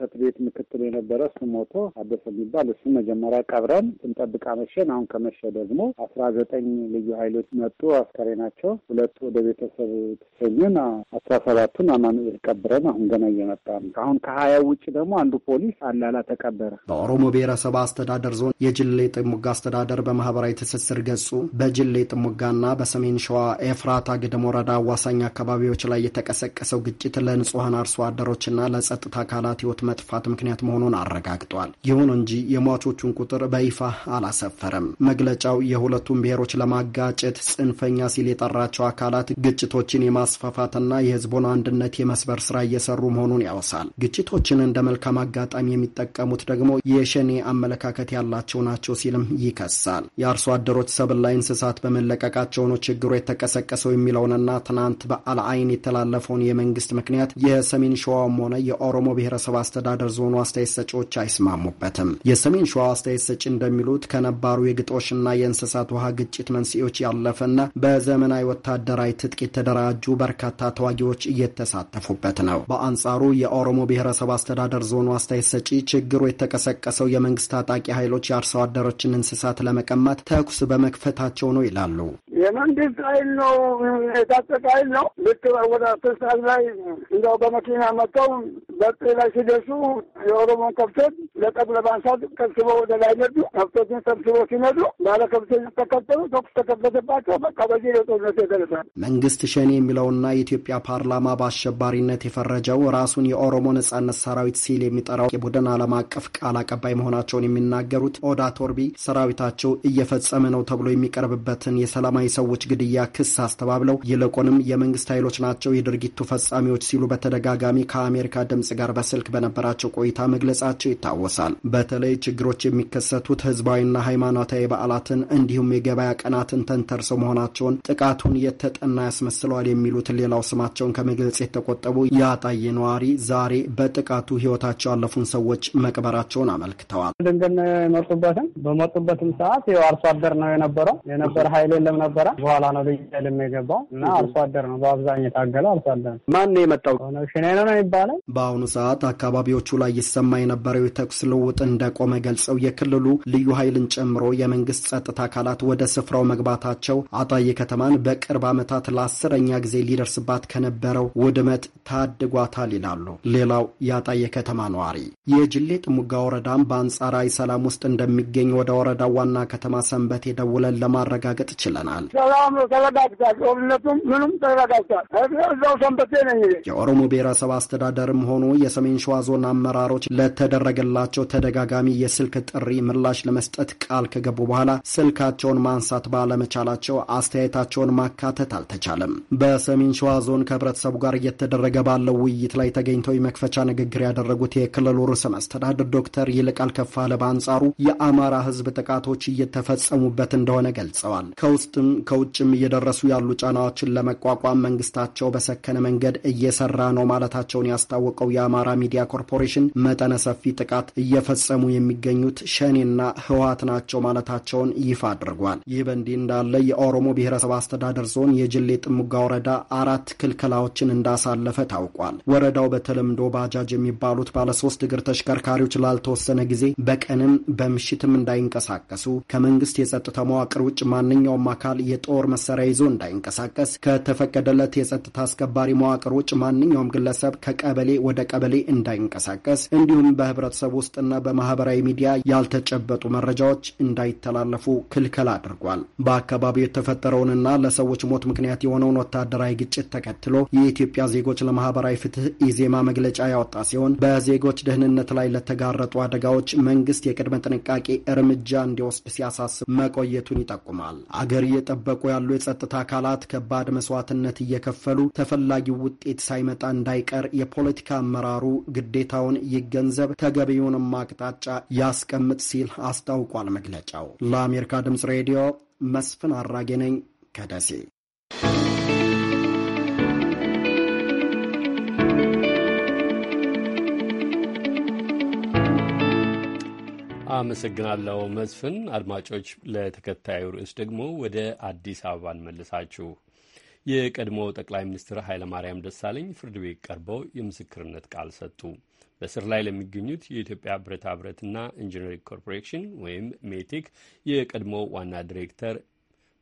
ሰት ቤት ምክትል የነበረ እሱ ሞቶ አደሰ የሚባል እሱ መጀመሪያ ቀብረን ስንጠብቅ አመሸን። አሁን ከመሸ ደግሞ አስራ ዘጠኝ ልዩ ኃይሎች መጡ። አስከሬ ናቸው ሁለቱ ወደ ቤተሰብ ተሰኘን። አስራ ሰባቱን አማኑኤል ቀብረን አሁን ገና እየመጣ ነው። አሁን ከሀያ ውጭ ደግሞ አንዱ ፖሊስ አላላ ተቀበረ። በኦሮሞ ብሔረሰብ አስተዳደር ዞን የጅሌ ጥሙጋ አስተዳደር በማህበራዊ ትስስር ገጹ በጅሌ ጥሙጋና በሰሜን ሸዋ ኤፍራታ ግድም ወረዳ አዋሳኝ አካባቢዎች ላይ የተቀሰቀሰው ግጭት ለንጹሐን አርሶ አደሮችና ለጸጥታ አካላት ህይወት መጥፋት ምክንያት ምክንያት መሆኑን አረጋግጧል። ይሁን እንጂ የሟቾቹን ቁጥር በይፋ አላሰፈረም። መግለጫው የሁለቱን ብሔሮች ለማጋጨት ጽንፈኛ ሲል የጠራቸው አካላት ግጭቶችን የማስፋፋትና የህዝቡን አንድነት የመስበር ስራ እየሰሩ መሆኑን ያወሳል። ግጭቶችን እንደ መልካም አጋጣሚ የሚጠቀሙት ደግሞ የሸኔ አመለካከት ያላቸው ናቸው ሲልም ይከሳል። የአርሶ አደሮች ሰብል ላይ እንስሳት በመለቀቃቸው ነው ችግሩ የተቀሰቀሰው የሚለውንና ትናንት በአልአይን አይን የተላለፈውን የመንግስት ምክንያት የሰሜን ሸዋም ሆነ የኦሮሞ ብሔረሰብ አስተዳደር ዞኑ አስተያየት ሰጪዎች አይስማሙበትም። የሰሜን ሸዋ አስተያየት ሰጪ እንደሚሉት ከነባሩ የግጦሽና የእንስሳት ውሃ ግጭት መንስኤዎች ያለፈና በዘመናዊ ወታደራዊ ትጥቅ የተደራጁ በርካታ ተዋጊዎች እየተሳተፉበት ነው። በአንጻሩ የኦሮሞ ብሔረሰብ አስተዳደር ዞኑ አስተያየት ሰጪ ችግሩ የተቀሰቀሰው የመንግስት ታጣቂ ኃይሎች የአርሶ አደሮችን እንስሳት ለመቀማት ተኩስ በመክፈታቸው ነው ይላሉ። የመንግስት ኃይል ነው፣ የታጠቀ ኃይል ነው። ልክ ወደ አስር ላይ እንደው በመኪና መጥተው በጤ ላይ ሲደርሱ የኦሮሞን ከብቶች ለቀብ ለማንሳት ሰብስበው ወደ ላይ ነዱ። ከብቶችን ሰብስበው ሲነዱ ባለ ከብቶች ተከተሉ፣ ተኩስ ተከፈተባቸው። በቃ በዚህ የጦርነት የተነሳ መንግስት ሸኔ የሚለውና የኢትዮጵያ ፓርላማ በአሸባሪነት የፈረጀው ራሱን የኦሮሞ ነጻነት ሰራዊት ሲል የሚጠራው የቡድን አለም አቀፍ ቃል አቀባይ መሆናቸውን የሚናገሩት ኦዳ ቶርቢ ሰራዊታቸው እየፈጸመ ነው ተብሎ የሚቀርብበትን የሰላማዊ ሰዎች ግድያ ክስ አስተባብለው ይልቁንም የመንግስት ኃይሎች ናቸው የድርጊቱ ፈጻሚዎች ሲሉ በተደጋጋሚ ከአሜሪካ ድምጽ ጋር በስልክ በነበራቸው ቆይታ መግለጻቸው ይታወሳል። በተለይ ችግሮች የሚከሰቱት ህዝባዊና ሃይማኖታዊ በዓላትን እንዲሁም የገበያ ቀናትን ተንተርሰው መሆናቸውን ጥቃቱን የተጠና ያስመስለዋል የሚሉት ሌላው ስማቸውን ከመግለጽ የተቆጠቡ የአጣዬ ነዋሪ ዛሬ በጥቃቱ ህይወታቸው ያለፉን ሰዎች መቅበራቸውን አመልክተዋል። ድንገት በመጡበትም ሰዓት አርሶ አደር ነው የነበረው የነበረ ሀይል የለም ነበር ነበረ። በኋላ ነው ልጅ ልም የገባው እና አርሶ አደር ነው በአብዛኛው የታገለ አርሶ አደር ነው። ማን ነው የመጣው? ሽኔነ ነው የሚባለው። በአሁኑ ሰዓት አካባቢዎቹ ላይ ይሰማ የነበረው የተኩስ ልውውጥ እንደቆመ ገልጸው የክልሉ ልዩ ኃይልን ጨምሮ የመንግስት ጸጥታ አካላት ወደ ስፍራው መግባታቸው አጣዬ ከተማን በቅርብ ዓመታት ለአስረኛ ጊዜ ሊደርስባት ከነበረው ውድመት ታድጓታል ይላሉ ሌላው የአጣዬ ከተማ ነዋሪ። የጅሌ ጥሙጋ ወረዳም በአንጻራዊ ሰላም ውስጥ እንደሚገኝ ወደ ወረዳው ዋና ከተማ ሰንበት የደውለን ለማረጋገጥ ችለናል። ሰላም ተረጋግቷል። ጦርነቱም ተረጋግቷል። እዛው ሰንበቴ ነኝ። የኦሮሞ ብሔረሰብ አስተዳደርም ሆኖ የሰሜን ሸዋ ዞን አመራሮች ለተደረገላቸው ተደጋጋሚ የስልክ ጥሪ ምላሽ ለመስጠት ቃል ከገቡ በኋላ ስልካቸውን ማንሳት ባለመቻላቸው አስተያየታቸውን ማካተት አልተቻለም። በሰሜን ሸዋ ዞን ከህብረተሰቡ ጋር እየተደረገ ባለው ውይይት ላይ ተገኝተው የመክፈቻ ንግግር ያደረጉት የክልሉ ርዕሰ መስተዳድር ዶክተር ይልቃል ከፋለ በአንጻሩ የአማራ ህዝብ ጥቃቶች እየተፈጸሙበት እንደሆነ ገልጸዋል። ከውስጥም ከውጭም እየደረሱ ያሉ ጫናዎችን ለመቋቋም መንግስታቸው በሰከነ መንገድ እየሰራ ነው ማለታቸውን ያስታወቀው የአማራ ሚዲያ ኮርፖሬሽን መጠነ ሰፊ ጥቃት እየፈጸሙ የሚገኙት ሸኔና ህወሀት ናቸው ማለታቸውን ይፋ አድርጓል። ይህ በእንዲህ እንዳለ የኦሮሞ ብሔረሰብ አስተዳደር ዞን የጅሌ ጥሙጋ ወረዳ አራት ክልከላዎችን እንዳሳለፈ ታውቋል። ወረዳው በተለምዶ ባጃጅ የሚባሉት ባለሶስት እግር ተሽከርካሪዎች ላልተወሰነ ጊዜ በቀንም በምሽትም እንዳይንቀሳቀሱ ከመንግስት የጸጥታ መዋቅር ውጭ ማንኛውም አካል የጦር መሳሪያ ይዞ እንዳይንቀሳቀስ ከተፈቀደለት የጸጥታ አስከባሪ መዋቅር ውጭ ማንኛውም ግለሰብ ከቀበሌ ወደ ቀበሌ እንዳይንቀሳቀስ እንዲሁም በህብረተሰብ ውስጥና በማህበራዊ ሚዲያ ያልተጨበጡ መረጃዎች እንዳይተላለፉ ክልከል አድርጓል። በአካባቢው የተፈጠረውንና ለሰዎች ሞት ምክንያት የሆነውን ወታደራዊ ግጭት ተከትሎ የኢትዮጵያ ዜጎች ለማህበራዊ ፍትህ ኢዜማ መግለጫ ያወጣ ሲሆን በዜጎች ደህንነት ላይ ለተጋረጡ አደጋዎች መንግስት የቅድመ ጥንቃቄ እርምጃ እንዲወስድ ሲያሳስብ መቆየቱን ይጠቁማል። አገር እየጠበቁ ያሉ የጸጥታ አካላት ከባድ መስዋዕትነት እየከፈሉ ተፈላጊው ውጤት ሳይመጣ እንዳይቀር የፖለቲካ አመራሩ ግዴታውን ይገንዘብ፣ ተገቢውንም አቅጣጫ ያስቀምጥ ሲል አስታውቋል መግለጫው። ለአሜሪካ ድምፅ ሬዲዮ መስፍን አራጌ ነኝ ከደሴ። አመሰግናለሁ መስፍን። አድማጮች ለተከታዩ ርዕስ ደግሞ ወደ አዲስ አበባ እንመልሳችሁ። የቀድሞ ጠቅላይ ሚኒስትር ኃይለማርያም ደሳለኝ ፍርድ ቤት ቀርበው የምስክርነት ቃል ሰጡ። በስር ላይ ለሚገኙት የኢትዮጵያ ብረታ ብረትና ኢንጂነሪንግ ኮርፖሬሽን ወይም ሜቴክ የቀድሞ ዋና ዲሬክተር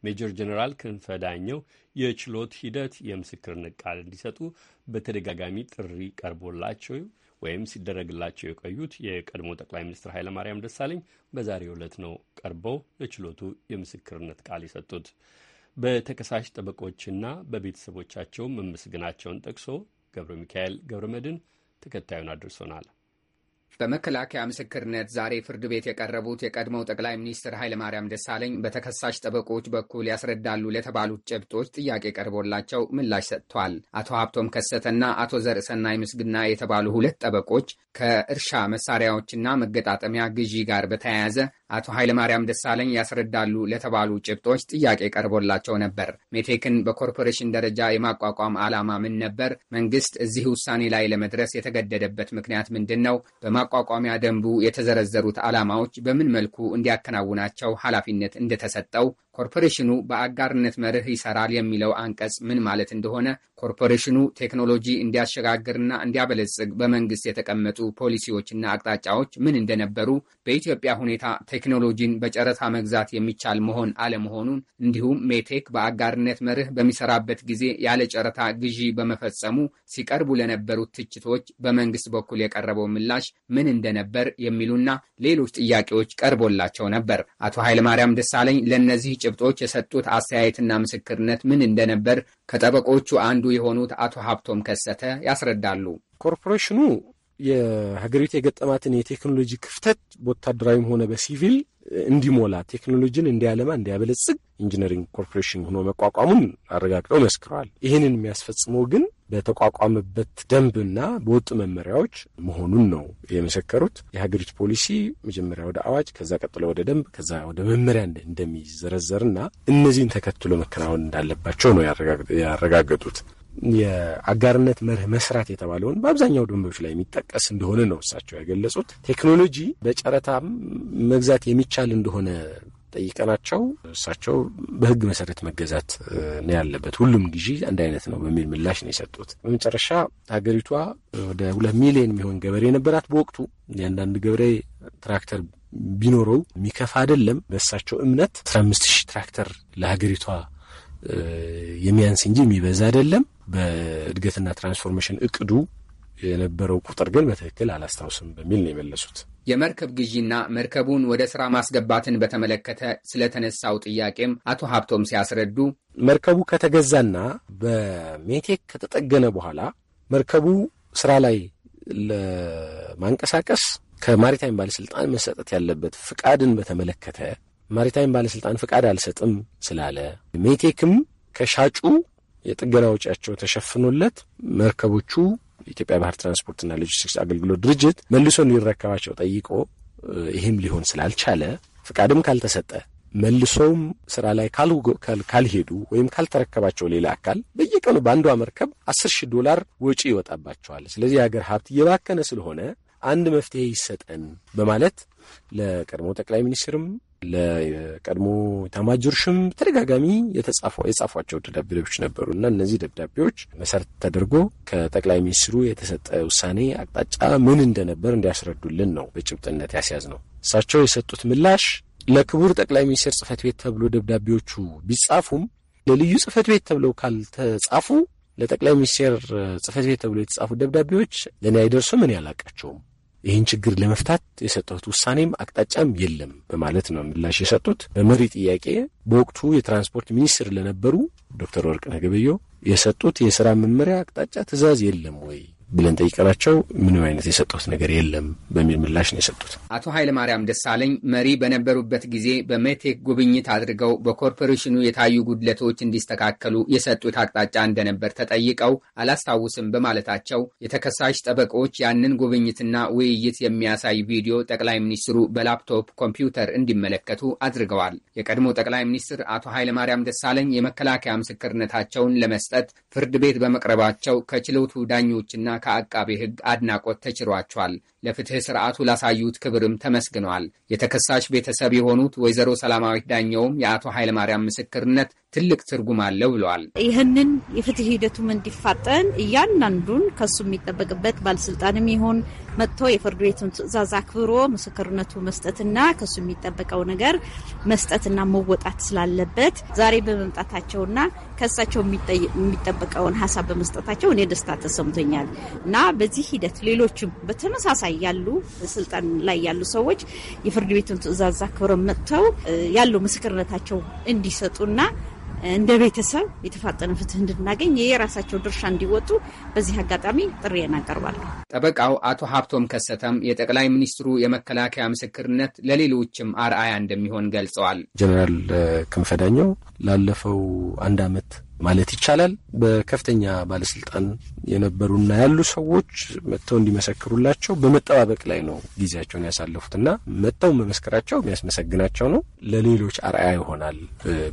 ሜጀር ጀኔራል ክንፈ ዳኘው የችሎት ሂደት የምስክርነት ቃል እንዲሰጡ በተደጋጋሚ ጥሪ ቀርቦላቸው ወይም ሲደረግላቸው የቆዩት የቀድሞ ጠቅላይ ሚኒስትር ኃይለማርያም ደሳለኝ በዛሬው ዕለት ነው ቀርበው ለችሎቱ የምስክርነት ቃል የሰጡት። በተከሳሽ ጠበቆችና በቤተሰቦቻቸው መመስገናቸውን ጠቅሶ ገብረ ሚካኤል ገብረ መድን ተከታዩን አድርሶናል። በመከላከያ ምስክርነት ዛሬ ፍርድ ቤት የቀረቡት የቀድሞው ጠቅላይ ሚኒስትር ኃይለማርያም ደሳለኝ በተከሳሽ ጠበቆች በኩል ያስረዳሉ ለተባሉት ጭብጦች ጥያቄ ቀርቦላቸው ምላሽ ሰጥቷል። አቶ ሀብቶም ከሰተና አቶ ዘርእሰናይ ምስግና የተባሉ ሁለት ጠበቆች ከእርሻ መሳሪያዎችና መገጣጠሚያ ግዢ ጋር በተያያዘ አቶ ኃይለማርያም ደሳለኝ ያስረዳሉ ለተባሉ ጭብጦች ጥያቄ ቀርቦላቸው ነበር። ሜቴክን በኮርፖሬሽን ደረጃ የማቋቋም ዓላማ ምን ነበር? መንግስት እዚህ ውሳኔ ላይ ለመድረስ የተገደደበት ምክንያት ምንድን ነው? በማቋቋሚያ ደንቡ የተዘረዘሩት ዓላማዎች በምን መልኩ እንዲያከናውናቸው ኃላፊነት እንደተሰጠው ኮርፖሬሽኑ በአጋርነት መርህ ይሰራል የሚለው አንቀጽ ምን ማለት እንደሆነ ኮርፖሬሽኑ ቴክኖሎጂ እንዲያሸጋግርና እንዲያበለጽግ በመንግስት የተቀመጡ ፖሊሲዎችና አቅጣጫዎች ምን እንደነበሩ፣ በኢትዮጵያ ሁኔታ ቴክኖሎጂን በጨረታ መግዛት የሚቻል መሆን አለመሆኑን፣ እንዲሁም ሜቴክ በአጋርነት መርህ በሚሰራበት ጊዜ ያለ ጨረታ ግዢ በመፈጸሙ ሲቀርቡ ለነበሩት ትችቶች በመንግስት በኩል የቀረበው ምላሽ ምን እንደነበር የሚሉና ሌሎች ጥያቄዎች ቀርቦላቸው ነበር። አቶ ኃይለማርያም ደሳለኝ ለእነዚህ ጭብጦች የሰጡት አስተያየትና ምስክርነት ምን እንደነበር ከጠበቆቹ አንዱ የሆኑት አቶ ሀብቶም ከሰተ ያስረዳሉ። ኮርፖሬሽኑ የሀገሪቱ የገጠማትን የቴክኖሎጂ ክፍተት በወታደራዊም ሆነ በሲቪል እንዲሞላ ቴክኖሎጂን እንዲያለማ እንዲያበለጽግ ኢንጂነሪንግ ኮርፖሬሽን ሆኖ መቋቋሙን አረጋግጠው መስክረዋል። ይህንን የሚያስፈጽመው ግን በተቋቋመበት ደንብና በወጡ መመሪያዎች መሆኑን ነው የመሰከሩት። የሀገሪቱ ፖሊሲ መጀመሪያ ወደ አዋጅ፣ ከዛ ቀጥሎ ወደ ደንብ፣ ከዛ ወደ መመሪያ እንደሚዘረዘርና እነዚህን ተከትሎ መከናወን እንዳለባቸው ነው ያረጋገጡት። የአጋርነት መርህ መስራት የተባለውን በአብዛኛው ደንቦች ላይ የሚጠቀስ እንደሆነ ነው እሳቸው የገለጹት። ቴክኖሎጂ በጨረታ መግዛት የሚቻል እንደሆነ ጠይቀናቸው እሳቸው በህግ መሰረት መገዛት ነው ያለበት፣ ሁሉም ግዢ አንድ አይነት ነው በሚል ምላሽ ነው የሰጡት። በመጨረሻ ሀገሪቷ ወደ ሁለት ሚሊዮን የሚሆን ገበሬ ነበራት በወቅቱ። እያንዳንድ ገበሬ ትራክተር ቢኖረው የሚከፋ አይደለም። በእሳቸው እምነት አስራ አምስት ሺህ ትራክተር ለሀገሪቷ የሚያንስ እንጂ የሚበዛ አይደለም። በእድገትና ትራንስፎርሜሽን እቅዱ የነበረው ቁጥር ግን በትክክል አላስታውስም በሚል ነው የመለሱት። የመርከብ ግዢና መርከቡን ወደ ስራ ማስገባትን በተመለከተ ስለተነሳው ጥያቄም አቶ ሀብቶም ሲያስረዱ መርከቡ ከተገዛና በሜቴክ ከተጠገነ በኋላ መርከቡ ስራ ላይ ለማንቀሳቀስ ከማሪታይም ባለስልጣን መሰጠት ያለበት ፍቃድን በተመለከተ ማሪታይም ባለስልጣን ፍቃድ አልሰጥም ስላለ ሜቴክም ከሻጩ የጥገና ውጫቸው ተሸፍኖለት መርከቦቹ የኢትዮጵያ ባህር ትራንስፖርትና ሎጂስቲክስ አገልግሎት ድርጅት መልሶ እንዲረከባቸው ጠይቆ ይህም ሊሆን ስላልቻለ ፍቃድም ካልተሰጠ መልሶውም ስራ ላይ ካልሄዱ ወይም ካልተረከባቸው ሌላ አካል በየቀኑ በአንዷ መርከብ አስር ሺህ ዶላር ወጪ ይወጣባቸዋል። ስለዚህ የሀገር ሀብት እየባከነ ስለሆነ አንድ መፍትሄ ይሰጠን በማለት ለቀድሞ ጠቅላይ ሚኒስትርም ለቀድሞ ኤታማዦር ሹም ተደጋጋሚ የጻፏቸው ደብዳቤዎች ነበሩ እና እነዚህ ደብዳቤዎች መሰረት ተደርጎ ከጠቅላይ ሚኒስትሩ የተሰጠ ውሳኔ አቅጣጫ ምን እንደነበር እንዲያስረዱልን ነው በጭብጥነት ያስያዝ ነው። እሳቸው የሰጡት ምላሽ ለክቡር ጠቅላይ ሚኒስትር ጽህፈት ቤት ተብሎ ደብዳቤዎቹ ቢጻፉም ለልዩ ጽህፈት ቤት ተብለው ካልተጻፉ ለጠቅላይ ሚኒስቴር ጽህፈት ቤት ተብሎ የተጻፉ ደብዳቤዎች ለእኔ አይደርሱም፣ እኔ አላቃቸውም ይህን ችግር ለመፍታት የሰጠሁት ውሳኔም አቅጣጫም የለም በማለት ነው ምላሽ የሰጡት። በመሪ ጥያቄ በወቅቱ የትራንስፖርት ሚኒስትር ለነበሩ ዶክተር ወርቅነህ ገበየሁ የሰጡት የስራ መመሪያ አቅጣጫ ትዕዛዝ የለም ወይ ብለን ጠይቀናቸው ምንም አይነት የሰጡት ነገር የለም በሚል ምላሽ ነው የሰጡት። አቶ ኃይለማርያም ደሳለኝ መሪ በነበሩበት ጊዜ በሜቴክ ጉብኝት አድርገው በኮርፖሬሽኑ የታዩ ጉድለቶች እንዲስተካከሉ የሰጡት አቅጣጫ እንደነበር ተጠይቀው አላስታውስም በማለታቸው የተከሳሽ ጠበቆች ያንን ጉብኝትና ውይይት የሚያሳይ ቪዲዮ ጠቅላይ ሚኒስትሩ በላፕቶፕ ኮምፒውተር እንዲመለከቱ አድርገዋል። የቀድሞ ጠቅላይ ሚኒስትር አቶ ኃይለማርያም ደሳለኝ የመከላከያ ምስክርነታቸውን ለመስጠት ፍርድ ቤት በመቅረባቸው ከችሎቱ ዳኞችና ከአቃቤ ሕግ አድናቆት ተችሯቸዋል። ለፍትህ ስርዓቱ ላሳዩት ክብርም ተመስግነዋል። የተከሳሽ ቤተሰብ የሆኑት ወይዘሮ ሰላማዊት ዳኘውም የአቶ ኃይለማርያም ምስክርነት ትልቅ ትርጉም አለው ብለዋል። ይህንን የፍትህ ሂደቱም እንዲፋጠን እያንዳንዱን ከሱ የሚጠበቅበት ባለስልጣንም ይሁን መጥቶ የፍርድ ቤቱን ትዕዛዝ አክብሮ ምስክርነቱ መስጠትና ከሱ የሚጠበቀው ነገር መስጠትና መወጣት ስላለበት ዛሬ በመምጣታቸውና ከእሳቸው የሚጠበቀውን ሀሳብ በመስጠታቸው እኔ ደስታ ተሰምቶኛል እና በዚህ ሂደት ሌሎችም በተመሳሳይ ላይ ያሉ ስልጣን ላይ ያሉ ሰዎች የፍርድ ቤቱን ትዕዛዝ አክብረው መጥተው ያለው ምስክርነታቸው እንዲሰጡና እንደ ቤተሰብ የተፋጠነ ፍትህ እንድናገኝ የራሳቸው ድርሻ እንዲወጡ በዚህ አጋጣሚ ጥሪ እናቀርባለሁ። ጠበቃው አቶ ሀብቶም ከሰተም የጠቅላይ ሚኒስትሩ የመከላከያ ምስክርነት ለሌሎችም አርአያ እንደሚሆን ገልጸዋል። ጀነራል ክንፈ ዳኘው ላለፈው አንድ አመት ማለት ይቻላል በከፍተኛ ባለስልጣን የነበሩና ያሉ ሰዎች መጥተው እንዲመሰክሩላቸው በመጠባበቅ ላይ ነው ጊዜያቸውን ያሳለፉት መጥተው መመስከራቸው የሚያስመሰግናቸው ነው፣ ለሌሎች አርአያ ይሆናል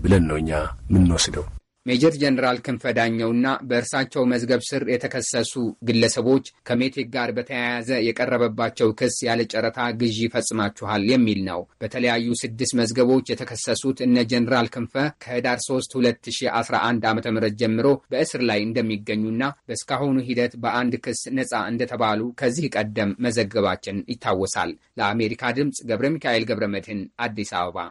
ብለን ነው እኛ የምንወስደው። ሜጀር ጀነራል ክንፈ ዳኘውና በእርሳቸው መዝገብ ስር የተከሰሱ ግለሰቦች ከሜቴክ ጋር በተያያዘ የቀረበባቸው ክስ ያለ ጨረታ ግዢ ፈጽማችኋል የሚል ነው። በተለያዩ ስድስት መዝገቦች የተከሰሱት እነ ጀነራል ክንፈ ከህዳር 3 2011 ዓ ም ጀምሮ በእስር ላይ እንደሚገኙና በእስካሁኑ ሂደት በአንድ ክስ ነፃ እንደተባሉ ከዚህ ቀደም መዘገባችን ይታወሳል። ለአሜሪካ ድምፅ ገብረ ሚካኤል ገብረ መድህን አዲስ አበባ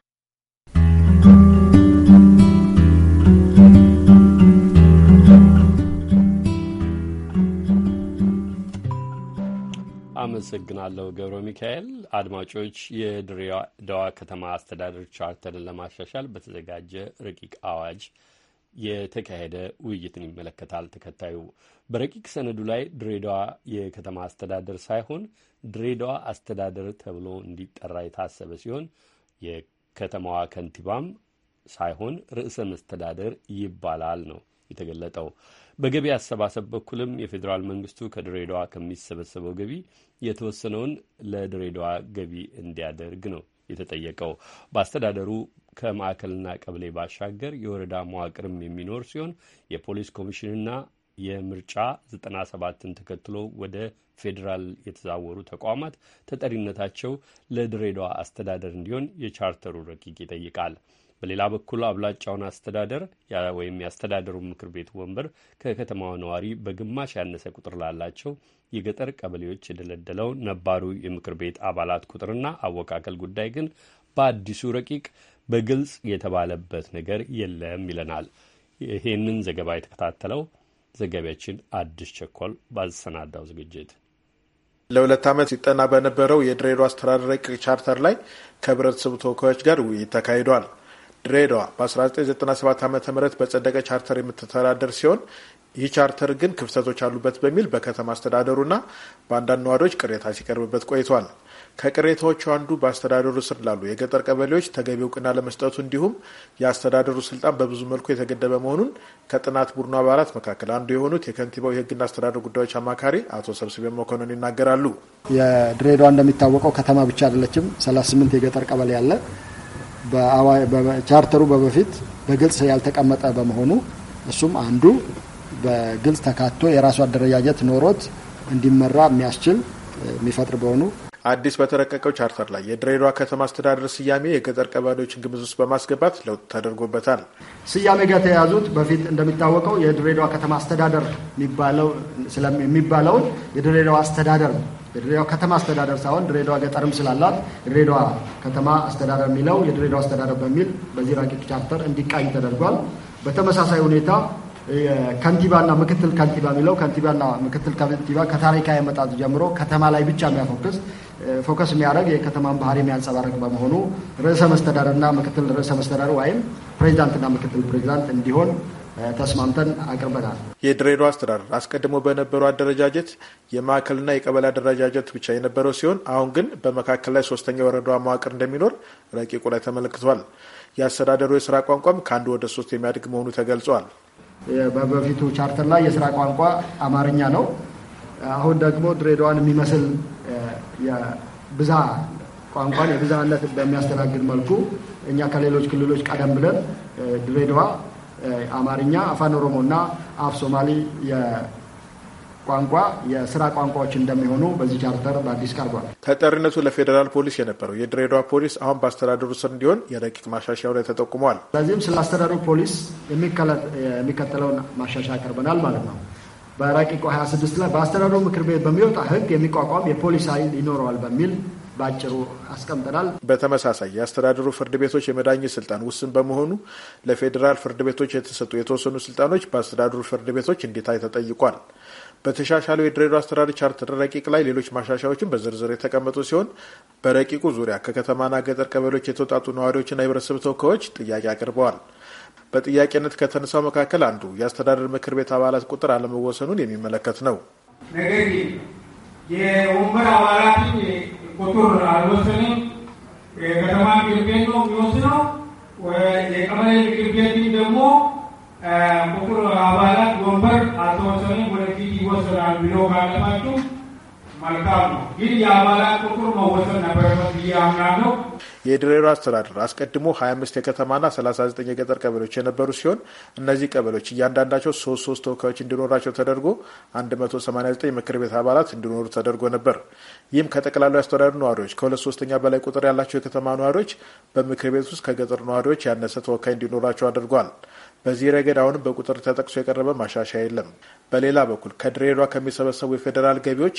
አመሰግናለሁ ገብረ ሚካኤል። አድማጮች የድሬዳዋ ከተማ አስተዳደር ቻርተርን ለማሻሻል በተዘጋጀ ረቂቅ አዋጅ የተካሄደ ውይይትን ይመለከታል። ተከታዩ በረቂቅ ሰነዱ ላይ ድሬዳዋ የከተማ አስተዳደር ሳይሆን ድሬዳዋ አስተዳደር ተብሎ እንዲጠራ የታሰበ ሲሆን የከተማዋ ከንቲባም ሳይሆን ርዕሰ መስተዳደር ይባላል ነው የተገለጠው። በገቢ አሰባሰብ በኩልም የፌዴራል መንግስቱ ከድሬዳዋ ከሚሰበሰበው ገቢ የተወሰነውን ለድሬዳዋ ገቢ እንዲያደርግ ነው የተጠየቀው። በአስተዳደሩ ከማዕከልና ቀበሌ ባሻገር የወረዳ መዋቅርም የሚኖር ሲሆን የፖሊስ ኮሚሽንና የምርጫ 97ን ተከትሎ ወደ ፌዴራል የተዛወሩ ተቋማት ተጠሪነታቸው ለድሬዳዋ አስተዳደር እንዲሆን የቻርተሩ ረቂቅ ይጠይቃል። በሌላ በኩል አብላጫውን አስተዳደር ወይም ያስተዳደሩ ምክር ቤት ወንበር ከከተማዋ ነዋሪ በግማሽ ያነሰ ቁጥር ላላቸው የገጠር ቀበሌዎች የደለደለው ነባሩ የምክር ቤት አባላት ቁጥርና አወቃቀል ጉዳይ ግን በአዲሱ ረቂቅ በግልጽ የተባለበት ነገር የለም ይለናል። ይሄንን ዘገባ የተከታተለው ዘጋቢያችን አዲስ ቸኮል ባሰናዳው ዝግጅት ለሁለት ዓመት ሲጠና በነበረው የድሬዳዋ አስተዳደር ረቂቅ ቻርተር ላይ ከህብረተሰቡ ተወካዮች ጋር ውይይት ተካሂዷል። ድሬዳዋ በ1997 ዓ ም በጸደቀ ቻርተር የምትተዳደር ሲሆን ይህ ቻርተር ግን ክፍተቶች አሉበት በሚል በከተማ አስተዳደሩና በአንዳንድ ነዋሪዎች ቅሬታ ሲቀርብበት ቆይቷል። ከቅሬታዎቹ አንዱ በአስተዳደሩ ስር ላሉ የገጠር ቀበሌዎች ተገቢ እውቅና ለመስጠቱ እንዲሁም የአስተዳደሩ ስልጣን በብዙ መልኩ የተገደበ መሆኑን ከጥናት ቡድኑ አባላት መካከል አንዱ የሆኑት የከንቲባው የሕግና አስተዳደር ጉዳዮች አማካሪ አቶ ሰብስቤ መኮንን ይናገራሉ። የድሬዳዋ እንደሚታወቀው ከተማ ብቻ አይደለችም። 38 የገጠር ቀበሌ አለ። ቻርተሩ በበፊት በግልጽ ያልተቀመጠ በመሆኑ እሱም አንዱ በግልጽ ተካቶ የራሱ አደረጃጀት ኖሮት እንዲመራ የሚያስችል የሚፈጥር በሆኑ አዲስ በተረቀቀው ቻርተር ላይ የድሬዳዋ ከተማ አስተዳደር ስያሜ የገጠር ቀበሌዎችን ግምት ውስጥ በማስገባት ለውጥ ተደርጎበታል። ስያሜ ጋር የተያያዙት በፊት እንደሚታወቀው የድሬዳዋ ከተማ አስተዳደር የሚባለውን የድሬዳዋ አስተዳደር የድሬዳዋ ከተማ አስተዳደር ሳይሆን ድሬዳዋ ገጠርም ስላላት ድሬዳዋ ከተማ አስተዳደር የሚለው የድሬዳዋ አስተዳደር በሚል በዚህ ረቂቅ ቻርተር እንዲቃኝ ተደርጓል። በተመሳሳይ ሁኔታ ከንቲባና ምክትል ከንቲባ የሚለው ከንቲባና ምክትል ከንቲባ ከታሪካዊ አመጣጥ ጀምሮ ከተማ ላይ ብቻ የሚያፎክስ ፎከስ የሚያደርግ የከተማን ባህሪ የሚያንጸባርቅ በመሆኑ ርዕሰ መስተዳደርና ምክትል ርዕሰ መስተዳደር ወይም ፕሬዚዳንትና ምክትል ፕሬዚዳንት እንዲሆን ተስማምተን አቅርበናል። የድሬዳዋ አስተዳደር አስቀድሞ በነበረው አደረጃጀት የማዕከልና የቀበሌ አደረጃጀት ብቻ የነበረው ሲሆን አሁን ግን በመካከል ላይ ሶስተኛ ወረዳዋ መዋቅር እንደሚኖር ረቂቁ ላይ ተመልክቷል። የአስተዳደሩ የስራ ቋንቋም ከአንድ ወደ ሶስት የሚያድግ መሆኑ ተገልጿል። በበፊቱ ቻርተር ላይ የስራ ቋንቋ አማርኛ ነው። አሁን ደግሞ ድሬዳዋን የሚመስል የብዛ ቋንቋን የብዛነት በሚያስተናግድ መልኩ እኛ ከሌሎች ክልሎች ቀደም ብለን ድሬዳዋ አማርኛ፣ አፋን ኦሮሞ እና አፍ ሶማሌ ቋንቋ የስራ ቋንቋዎች እንደሚሆኑ በዚህ ቻርተር በአዲስ ቀርቧል። ተጠሪነቱ ለፌዴራል ፖሊስ የነበረው የድሬዳዋ ፖሊስ አሁን በአስተዳደሩ ስር እንዲሆን የረቂቅ ማሻሻያው ላይ ተጠቁመዋል። ስለዚህም ስለ አስተዳደሩ ፖሊስ የሚከተለውን ማሻሻያ ቀርበናል ማለት ነው። በረቂቁ 26 ላይ በአስተዳደሩ ምክር ቤት በሚወጣ ህግ የሚቋቋም የፖሊስ ኃይል ይኖረዋል በሚል በአጭሩ አስቀምጠናል። በተመሳሳይ የአስተዳደሩ ፍርድ ቤቶች የመዳኝ ስልጣን ውስን በመሆኑ ለፌዴራል ፍርድ ቤቶች የተሰጡ የተወሰኑ ስልጣኖች በአስተዳደሩ ፍርድ ቤቶች እንዲታይ ተጠይቋል። በተሻሻለው የድሬዳዋ አስተዳደር ቻርተር ረቂቅ ላይ ሌሎች ማሻሻያዎችን በዝርዝር የተቀመጡ ሲሆን በረቂቁ ዙሪያ ከከተማና ገጠር ቀበሌዎች የተውጣጡ ነዋሪዎችና የህብረተሰብ ተወካዮች ጥያቄ አቅርበዋል። በጥያቄነት ከተነሳው መካከል አንዱ የአስተዳደር ምክር ቤት አባላት ቁጥር አለመወሰኑን የሚመለከት ነው። ነገር ግን የወንበር አባላትን ቁጥር አልወሰንም። የከተማ ምክር ቤት ነው የሚወስነው። የቀበሌ ምክር ቤት ደግሞ ቁጥር አባላት ወንበር አልተወሰንም፣ ወደፊት ይወሰናል ብሎ ካለፋችሁ መልካም ነው። ይህ የአባላት ቁጥር መወሰን ነበረበት ብዬ አምናለሁ። አስተዳደር አስቀድሞ 25 የከተማና 39 የገጠር ቀበሌዎች የነበሩ ሲሆን እነዚህ ቀበሌዎች እያንዳንዳቸው ሶስት ሶስት ተወካዮች እንዲኖራቸው ተደርጎ 189 ምክር ቤት አባላት እንዲኖሩ ተደርጎ ነበር። ይህም ከጠቅላላው የአስተዳደር ነዋሪዎች ከሁለት ሶስተኛ በላይ ቁጥር ያላቸው የከተማ ነዋሪዎች በምክር ቤት ውስጥ ከገጠር ነዋሪዎች ያነሰ ተወካይ እንዲኖራቸው አድርጓል። በዚህ ረገድ አሁንም በቁጥር ተጠቅሶ የቀረበ ማሻሻያ የለም። በሌላ በኩል ከድሬዳዋ ከሚሰበሰቡ የፌዴራል ገቢዎች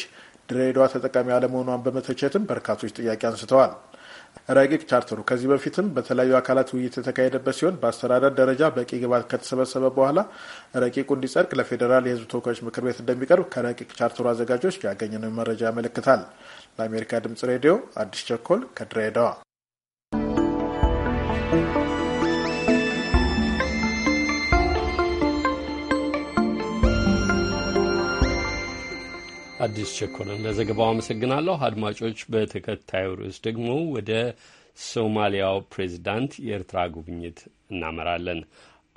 ድሬዳዋ ተጠቃሚ አለመሆኗን በመተቸትም በርካቶች ጥያቄ አንስተዋል። ረቂቅ ቻርተሩ ከዚህ በፊትም በተለያዩ አካላት ውይይት የተካሄደበት ሲሆን በአስተዳደር ደረጃ በቂ ግብዓት ከተሰበሰበ በኋላ ረቂቁ እንዲጸድቅ ለፌዴራል የሕዝብ ተወካዮች ምክር ቤት እንደሚቀርብ ከረቂቅ ቻርተሩ አዘጋጆች ያገኘነው መረጃ ያመለክታል። ለአሜሪካ ድምጽ ሬዲዮ አዲስ ቸኮል ከድሬዳዋ አዲስ ቸኮልን ለዘገባው አመሰግናለሁ። አድማጮች፣ በተከታዩ ርዕስ ደግሞ ወደ ሶማሊያው ፕሬዚዳንት የኤርትራ ጉብኝት እናመራለን።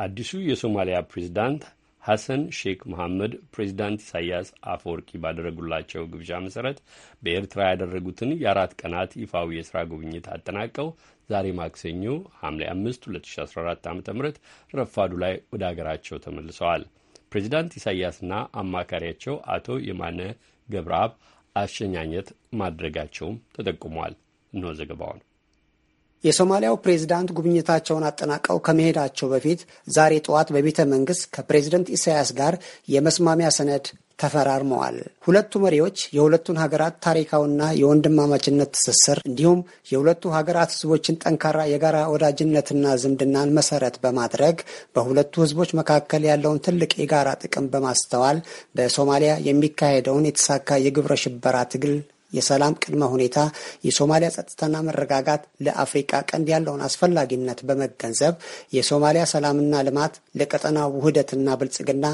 አዲሱ የሶማሊያ ፕሬዚዳንት ሐሰን ሼክ መሐመድ ፕሬዚዳንት ኢሳያስ አፈወርቂ ባደረጉላቸው ግብዣ መሠረት በኤርትራ ያደረጉትን የአራት ቀናት ይፋዊ የሥራ ጉብኝት አጠናቀው ዛሬ ማክሰኞ ሐምሌ 5 2014 ዓ ም ረፋዱ ላይ ወደ አገራቸው ተመልሰዋል። ፕሬዚዳንት ኢሳያስና አማካሪያቸው አቶ የማነ ገብረአብ አሸኛኘት ማድረጋቸውም ተጠቁሟል። እነሆ ዘገባውን። የሶማሊያው ፕሬዝዳንት ጉብኝታቸውን አጠናቀው ከመሄዳቸው በፊት ዛሬ ጠዋት በቤተ መንግስት ከፕሬዝደንት ኢሳያስ ጋር የመስማሚያ ሰነድ ተፈራርመዋል። ሁለቱ መሪዎች የሁለቱን ሀገራት ታሪካዊና የወንድማማችነት ትስስር እንዲሁም የሁለቱ ሀገራት ህዝቦችን ጠንካራ የጋራ ወዳጅነትና ዝምድናን መሰረት በማድረግ በሁለቱ ህዝቦች መካከል ያለውን ትልቅ የጋራ ጥቅም በማስተዋል በሶማሊያ የሚካሄደውን የተሳካ የግብረ ሽበራ ትግል የሰላም ቅድመ ሁኔታ የሶማሊያ ጸጥታና መረጋጋት ለአፍሪቃ ቀንድ ያለውን አስፈላጊነት በመገንዘብ የሶማሊያ ሰላምና ልማት ለቀጠናው ውህደትና ብልጽግና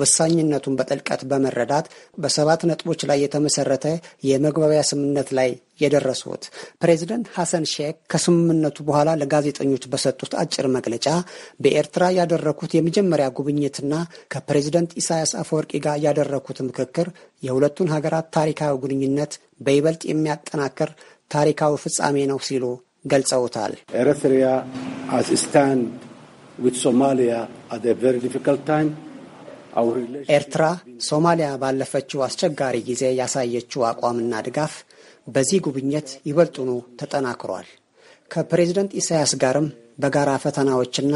ወሳኝነቱን በጥልቀት በመረዳት በሰባት ነጥቦች ላይ የተመሰረተ የመግባቢያ ስምምነት ላይ የደረሱት ፕሬዚደንት ሐሰን ሼክ ከስምምነቱ በኋላ ለጋዜጠኞች በሰጡት አጭር መግለጫ በኤርትራ ያደረኩት የመጀመሪያ ጉብኝትና ከፕሬዚደንት ኢሳያስ አፈወርቂ ጋር ያደረኩት ምክክር የሁለቱን ሀገራት ታሪካዊ ግንኙነት በይበልጥ የሚያጠናክር ታሪካዊ ፍጻሜ ነው ሲሉ ገልጸውታል። ኤርትሪያ አስ ስታንድ ሶማሊያ አት ቨሪ ዲፊካልት ታይም ኤርትራ ሶማሊያ ባለፈችው አስቸጋሪ ጊዜ ያሳየችው አቋምና ድጋፍ በዚህ ጉብኝት ይበልጡኑ ተጠናክሯል። ከፕሬዝደንት ኢሳያስ ጋርም በጋራ ፈተናዎችና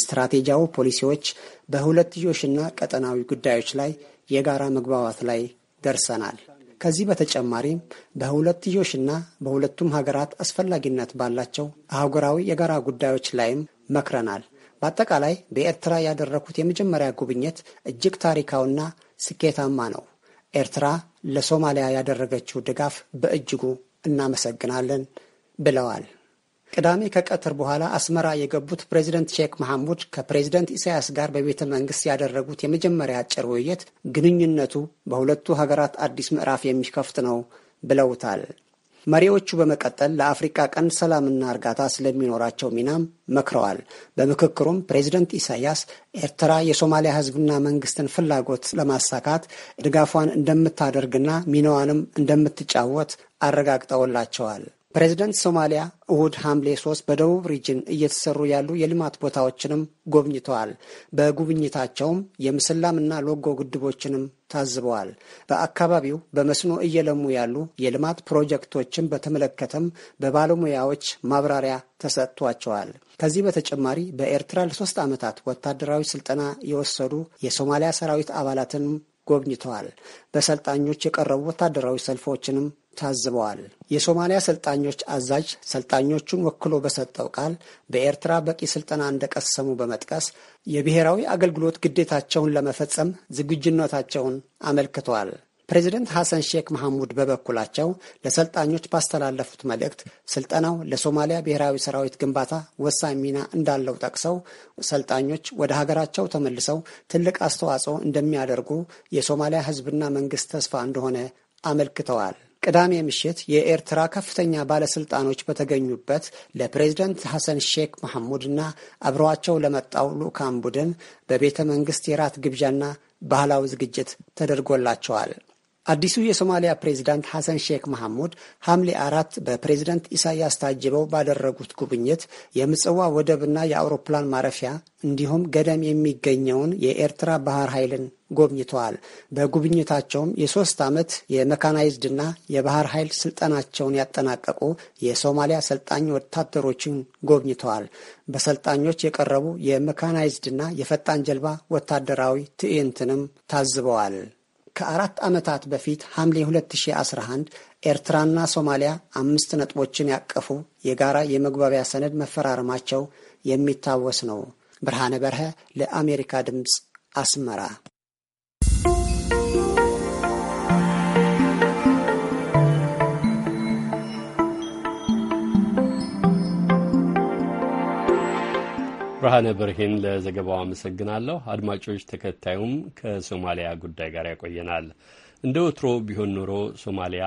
ስትራቴጂያዊ ፖሊሲዎች በሁለትዮሽና ቀጠናዊ ጉዳዮች ላይ የጋራ መግባባት ላይ ደርሰናል። ከዚህ በተጨማሪም በሁለትዮሽና በሁለቱም ሀገራት አስፈላጊነት ባላቸው አህጉራዊ የጋራ ጉዳዮች ላይም መክረናል። በአጠቃላይ በኤርትራ ያደረኩት የመጀመሪያ ጉብኝት እጅግ ታሪካዊና ስኬታማ ነው። ኤርትራ ለሶማሊያ ያደረገችው ድጋፍ በእጅጉ እናመሰግናለን ብለዋል። ቅዳሜ ከቀትር በኋላ አስመራ የገቡት ፕሬዚደንት ሼክ መሐሙድ ከፕሬዚደንት ኢሳያስ ጋር በቤተ መንግሥት ያደረጉት የመጀመሪያ አጭር ውይይት ግንኙነቱ በሁለቱ ሀገራት አዲስ ምዕራፍ የሚከፍት ነው ብለውታል። መሪዎቹ በመቀጠል ለአፍሪካ ቀንድ ሰላምና እርጋታ ስለሚኖራቸው ሚናም መክረዋል። በምክክሩም ፕሬዚደንት ኢሳያስ ኤርትራ የሶማሊያ ሕዝብና መንግስትን ፍላጎት ለማሳካት ድጋፏን እንደምታደርግና ሚናዋንም እንደምትጫወት አረጋግጠውላቸዋል። ፕሬዚደንት ሶማሊያ እሁድ ሐምሌ ሶስት በደቡብ ሪጅን እየተሰሩ ያሉ የልማት ቦታዎችንም ጎብኝተዋል። በጉብኝታቸውም የምስላምና ሎጎ ግድቦችንም ታዝበዋል። በአካባቢው በመስኖ እየለሙ ያሉ የልማት ፕሮጀክቶችን በተመለከተም በባለሙያዎች ማብራሪያ ተሰጥቷቸዋል። ከዚህ በተጨማሪ በኤርትራ ለሶስት ዓመታት ወታደራዊ ስልጠና የወሰዱ የሶማሊያ ሰራዊት አባላትንም ጎብኝተዋል። በሰልጣኞች የቀረቡ ወታደራዊ ሰልፎችንም ታዝበዋል። የሶማሊያ ሰልጣኞች አዛዥ ሰልጣኞቹን ወክሎ በሰጠው ቃል በኤርትራ በቂ ስልጠና እንደቀሰሙ በመጥቀስ የብሔራዊ አገልግሎት ግዴታቸውን ለመፈጸም ዝግጁነታቸውን አመልክተዋል። ፕሬዚደንት ሐሰን ሼክ መሐሙድ በበኩላቸው ለሰልጣኞች ባስተላለፉት መልእክት ስልጠናው ለሶማሊያ ብሔራዊ ሰራዊት ግንባታ ወሳኝ ሚና እንዳለው ጠቅሰው ሰልጣኞች ወደ ሀገራቸው ተመልሰው ትልቅ አስተዋጽኦ እንደሚያደርጉ የሶማሊያ ሕዝብና መንግስት ተስፋ እንደሆነ አመልክተዋል። ቅዳሜ ምሽት የኤርትራ ከፍተኛ ባለስልጣኖች በተገኙበት ለፕሬዝደንት ሐሰን ሼክ መሐሙድና አብረዋቸው ለመጣው ሉካን ቡድን በቤተ መንግስት የራት ግብዣና ባህላዊ ዝግጅት ተደርጎላቸዋል። አዲሱ የሶማሊያ ፕሬዚዳንት ሐሰን ሼክ መሐሙድ ሐምሌ አራት በፕሬዚዳንት ኢሳያስ ታጅበው ባደረጉት ጉብኝት የምጽዋ ወደብና የአውሮፕላን ማረፊያ እንዲሁም ገደም የሚገኘውን የኤርትራ ባህር ኃይልን ጎብኝተዋል። በጉብኝታቸውም የሶስት ዓመት የመካናይዝድና የባህር ኃይል ስልጠናቸውን ያጠናቀቁ የሶማሊያ ሰልጣኝ ወታደሮችን ጎብኝተዋል። በሰልጣኞች የቀረቡ የመካናይዝድና የፈጣን ጀልባ ወታደራዊ ትዕይንትንም ታዝበዋል። ከአራት ዓመታት በፊት ሐምሌ 2011 ኤርትራና ሶማሊያ አምስት ነጥቦችን ያቀፉ የጋራ የመግባቢያ ሰነድ መፈራረማቸው የሚታወስ ነው። ብርሃነ በርሀ ለአሜሪካ ድምፅ አስመራ ብርሃነ በርሄን ለዘገባው አመሰግናለሁ። አድማጮች፣ ተከታዩም ከሶማሊያ ጉዳይ ጋር ያቆየናል። እንደ ወትሮ ቢሆን ኖሮ ሶማሊያ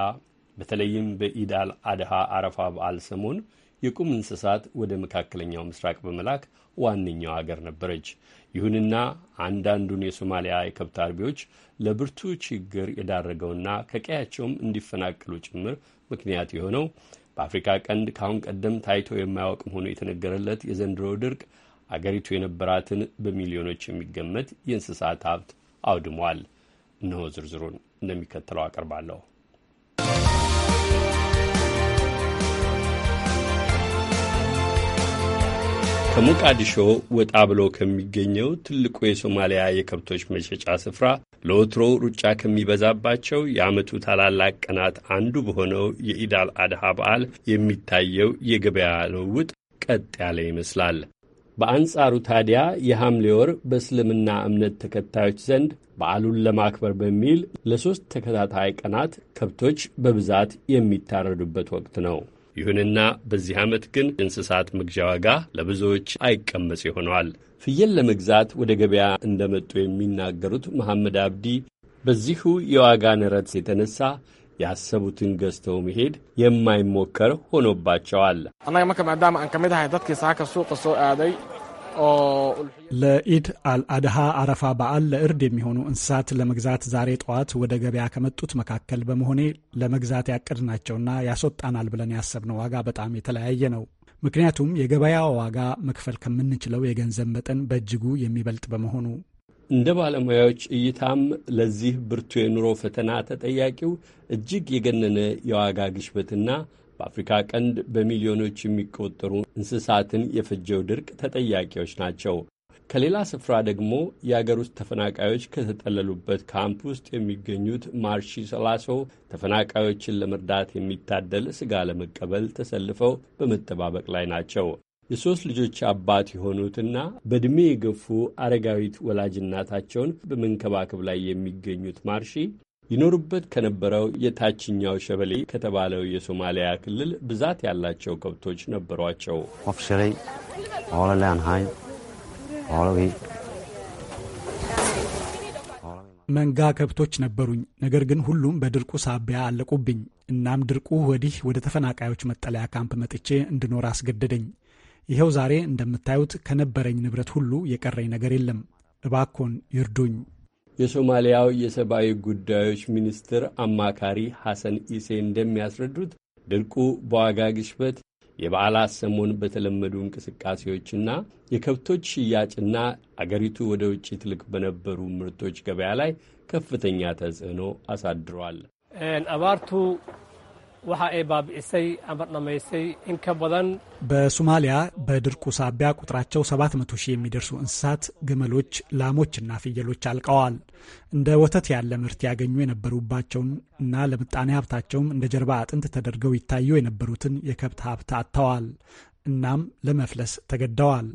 በተለይም በኢዳል አድሃ አረፋ በዓል ሰሞን የቁም እንስሳት ወደ መካከለኛው ምስራቅ በመላክ ዋነኛው አገር ነበረች። ይሁንና አንዳንዱን የሶማሊያ የከብት አርቢዎች ለብርቱ ችግር የዳረገውና ከቀያቸውም እንዲፈናቀሉ ጭምር ምክንያት የሆነው በአፍሪካ ቀንድ ከአሁን ቀደም ታይቶ የማያውቅ መሆኑ የተነገረለት የዘንድሮ ድርቅ አገሪቱ የነበራትን በሚሊዮኖች የሚገመት የእንስሳት ሀብት አውድሟል። እነሆ ዝርዝሩን እንደሚከተለው አቀርባለሁ። ከሞቃዲሾ ወጣ ብሎ ከሚገኘው ትልቁ የሶማሊያ የከብቶች መሸጫ ስፍራ ለወትሮ ሩጫ ከሚበዛባቸው የዓመቱ ታላላቅ ቀናት አንዱ በሆነው የኢዳል አድሃ በዓል የሚታየው የገበያ ልውውጥ ቀጥ ያለ ይመስላል። በአንጻሩ ታዲያ የሐምሌ ወር በእስልምና እምነት ተከታዮች ዘንድ በዓሉን ለማክበር በሚል ለሦስት ተከታታይ ቀናት ከብቶች በብዛት የሚታረዱበት ወቅት ነው። ይሁንና በዚህ ዓመት ግን እንስሳት መግዣ ዋጋ ለብዙዎች አይቀመስ ይሆነዋል። ፍየል ለመግዛት ወደ ገበያ እንደመጡ የሚናገሩት መሐመድ አብዲ በዚሁ የዋጋ ንረት የተነሳ ያሰቡትን ገዝተው መሄድ የማይሞከር ሆኖባቸዋል። ለኢድ አልአድሃ አረፋ በዓል ለእርድ የሚሆኑ እንስሳት ለመግዛት ዛሬ ጠዋት ወደ ገበያ ከመጡት መካከል በመሆኔ ለመግዛት ያቀድናቸውና ያስወጣናል ብለን ያሰብነው ዋጋ በጣም የተለያየ ነው። ምክንያቱም የገበያ ዋጋ መክፈል ከምንችለው የገንዘብ መጠን በእጅጉ የሚበልጥ በመሆኑ እንደ ባለሙያዎች እይታም ለዚህ ብርቱ የኑሮ ፈተና ተጠያቂው እጅግ የገነነ የዋጋ ግሽበትና በአፍሪካ ቀንድ በሚሊዮኖች የሚቆጠሩ እንስሳትን የፈጀው ድርቅ ተጠያቂዎች ናቸው። ከሌላ ስፍራ ደግሞ የአገር ውስጥ ተፈናቃዮች ከተጠለሉበት ካምፕ ውስጥ የሚገኙት ማርሺ ሰላሶ ተፈናቃዮችን ለመርዳት የሚታደል ስጋ ለመቀበል ተሰልፈው በመጠባበቅ ላይ ናቸው። የሦስት ልጆች አባት የሆኑትና በእድሜ የገፉ አረጋዊት ወላጅናታቸውን በመንከባከብ ላይ የሚገኙት ማርሺ ይኖሩበት ከነበረው የታችኛው ሸበሌ ከተባለው የሶማሊያ ክልል ብዛት ያላቸው ከብቶች ነበሯቸው። መንጋ ከብቶች ነበሩኝ፣ ነገር ግን ሁሉም በድርቁ ሳቢያ አለቁብኝ። እናም ድርቁ ወዲህ ወደ ተፈናቃዮች መጠለያ ካምፕ መጥቼ እንድኖር አስገደደኝ። ይኸው ዛሬ እንደምታዩት ከነበረኝ ንብረት ሁሉ የቀረኝ ነገር የለም። እባኮን ይርዱኝ። የሶማሊያው የሰብአዊ ጉዳዮች ሚኒስትር አማካሪ ሐሰን ኢሴ እንደሚያስረዱት ድርቁ በዋጋ ግሽበት፣ የበዓላት ሰሞን በተለመዱ እንቅስቃሴዎችና የከብቶች ሽያጭና አገሪቱ ወደ ውጭ ትልክ በነበሩ ምርቶች ገበያ ላይ ከፍተኛ ተጽዕኖ አሳድሯል። አባርቱ waxa ay baabi'isay ama dhammaysay in ka badan በሶማሊያ በድርቁ ሳቢያ ቁጥራቸው 700 ሺህ የሚደርሱ እንስሳት፣ ግመሎች፣ ላሞችና ፍየሎች አልቀዋል። እንደ ወተት ያለ ምርት ያገኙ የነበሩባቸውን እና ለምጣኔ ሀብታቸውም እንደ ጀርባ አጥንት ተደርገው ይታዩ የነበሩትን የከብት ሀብት አጥተዋል። እናም ለመፍለስ ተገደዋል።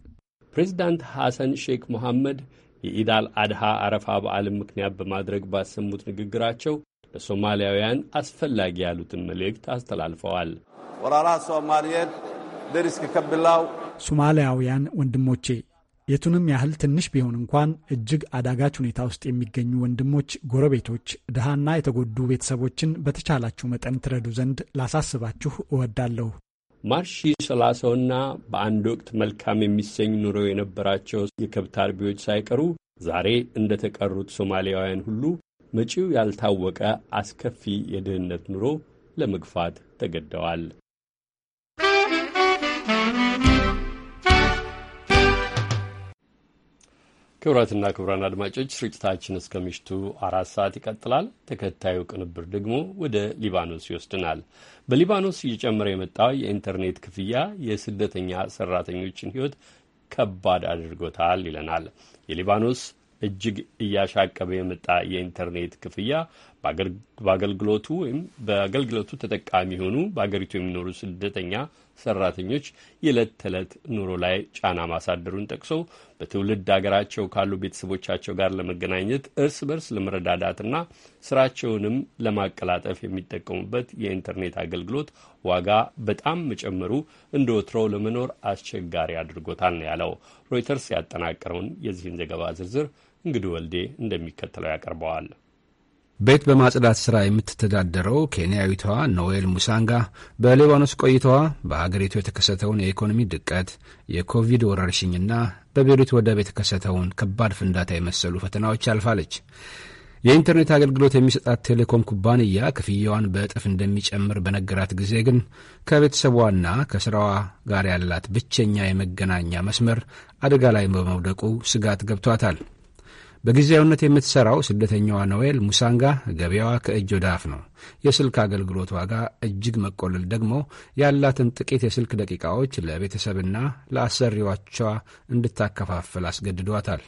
ፕሬዚዳንት ሐሰን ሼክ መሐመድ የኢዳል አድሃ አረፋ በዓልን ምክንያት በማድረግ ባሰሙት ንግግራቸው ለሶማሊያውያን አስፈላጊ ያሉትን መልእክት አስተላልፈዋል። ወራራ ሶማልየን ደሪስ ከከብላው ሶማሊያውያን ወንድሞቼ የቱንም ያህል ትንሽ ቢሆን እንኳን እጅግ አዳጋች ሁኔታ ውስጥ የሚገኙ ወንድሞች፣ ጎረቤቶች፣ ድሃና የተጎዱ ቤተሰቦችን በተቻላችሁ መጠን ትረዱ ዘንድ ላሳስባችሁ እወዳለሁ። ማርሺ ሰላሰውና በአንድ ወቅት መልካም የሚሰኝ ኑሮ የነበራቸው የከብት አርቢዎች ሳይቀሩ ዛሬ እንደተቀሩት ሶማሊያውያን ሁሉ መጪው ያልታወቀ አስከፊ የድህነት ኑሮ ለመግፋት ተገደዋል። ክቡራትና ክቡራን አድማጮች ስርጭታችን እስከ ምሽቱ አራት ሰዓት ይቀጥላል። ተከታዩ ቅንብር ደግሞ ወደ ሊባኖስ ይወስድናል። በሊባኖስ እየጨመረ የመጣው የኢንተርኔት ክፍያ የስደተኛ ሰራተኞችን ሕይወት ከባድ አድርጎታል ይለናል የሊባኖስ እጅግ እያሻቀበ የመጣ የኢንተርኔት ክፍያ በአገልግሎቱ ወይም በአገልግሎቱ ተጠቃሚ የሆኑ በአገሪቱ የሚኖሩ ስደተኛ ሰራተኞች የዕለት ተዕለት ኑሮ ላይ ጫና ማሳደሩን ጠቅሶ በትውልድ አገራቸው ካሉ ቤተሰቦቻቸው ጋር ለመገናኘት እርስ በርስ ለመረዳዳትና ስራቸውንም ለማቀላጠፍ የሚጠቀሙበት የኢንተርኔት አገልግሎት ዋጋ በጣም መጨመሩ እንደ ወትሮው ለመኖር አስቸጋሪ አድርጎታል ነው ያለው። ሮይተርስ ያጠናቀረውን የዚህን ዘገባ ዝርዝር እንግዲህ ወልዴ እንደሚከተለው ያቀርበዋል። ቤት በማጽዳት ሥራ የምትተዳደረው ኬንያዊቷ ኖዌል ሙሳንጋ በሊባኖስ ቆይታዋ በሀገሪቱ የተከሰተውን የኢኮኖሚ ድቀት፣ የኮቪድ ወረርሽኝና በቤሩት ወደብ የተከሰተውን ከባድ ፍንዳታ የመሰሉ ፈተናዎች አልፋለች። የኢንተርኔት አገልግሎት የሚሰጣት ቴሌኮም ኩባንያ ክፍያዋን በእጥፍ እንደሚጨምር በነገራት ጊዜ ግን ከቤተሰቧና ከሥራዋ ጋር ያላት ብቸኛ የመገናኛ መስመር አደጋ ላይ በመውደቁ ስጋት ገብቷታል። በጊዜያዊነት የምትሠራው ስደተኛዋ ኖዌል ሙሳንጋ ገበያዋ ከእጅ ወደ አፍ ነው። የስልክ አገልግሎት ዋጋ እጅግ መቆለል ደግሞ ያላትን ጥቂት የስልክ ደቂቃዎች ለቤተሰብና ለአሰሪዎቿ እንድታከፋፍል አስገድዷታል።